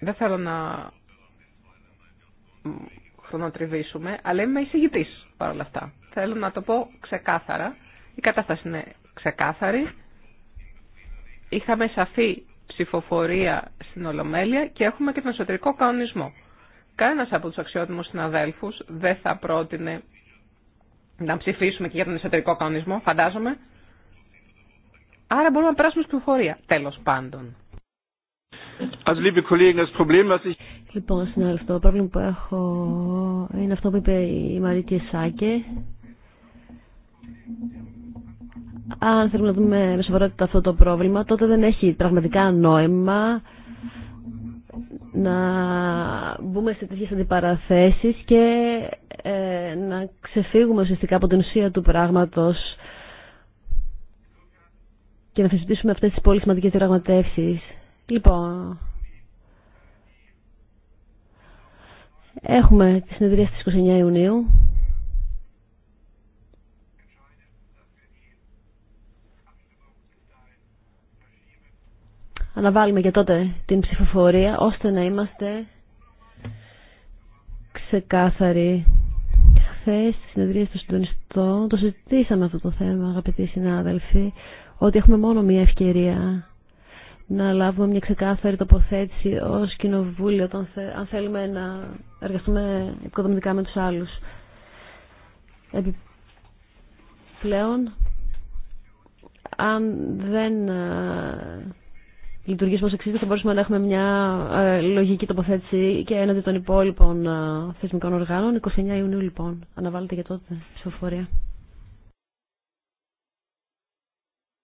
δεν θέλω να χρονοτριβήσουμε, αλλά είμαι εισηγητής παρόλα αυτά. Θέλω να το πω ξεκάθαρα. Η κατάσταση είναι ξεκάθαρη. Είχαμε σαφή ψηφοφορία στην Ολομέλεια και έχουμε και τον εσωτερικό κανονισμό. Κανένα από του αξιότιμους συναδέλφου, δεν θα πρότεινε να ψηφίσουμε και για τον εσωτερικό κανονισμό, φαντάζομαι. Άρα μπορούμε να περάσουμε στην ψηφοφορία, τέλος πάντων. Λοιπόν, συνάδελφο, το πρόβλημα που έχω είναι αυτό που είπε η Μαρίτη Σάκε αν θέλουμε να δούμε με σοβαρότητα αυτό το πρόβλημα, τότε δεν έχει πραγματικά νόημα να μπούμε σε τέτοιες αντιπαραθέσεις και ε, να ξεφύγουμε ουσιαστικά από την ουσία του πράγματος και να συζητήσουμε αυτές τις πολύ σημαντικές διαπραγματεύσεις. Λοιπόν, έχουμε τη συνεδρία στις 29 Ιουνίου. αναβάλουμε για τότε την ψηφοφορία ώστε να είμαστε ξεκάθαροι. Χθε στη συνεδρία στο Συντονιστό, το συζητήσαμε αυτό το θέμα, αγαπητοί συνάδελφοι, ότι έχουμε μόνο μία ευκαιρία να λάβουμε μια ξεκάθαρη τοποθέτηση ως κοινοβούλιο όταν αν θέλουμε να εργαστούμε αν θελουμε να εργαστουμε επικοδομητικά με τους άλλους. Επιπλέον, αν δεν ε, Λειτουργήσουμε ως εξής θα μπορούσαμε να έχουμε μια ε, λογική τοποθέτηση και έναντι των υπόλοιπων ε, θεσμικών οργάνων. 29 Ιουνίου λοιπόν αναβάλλεται για τότε ψηφοφορία.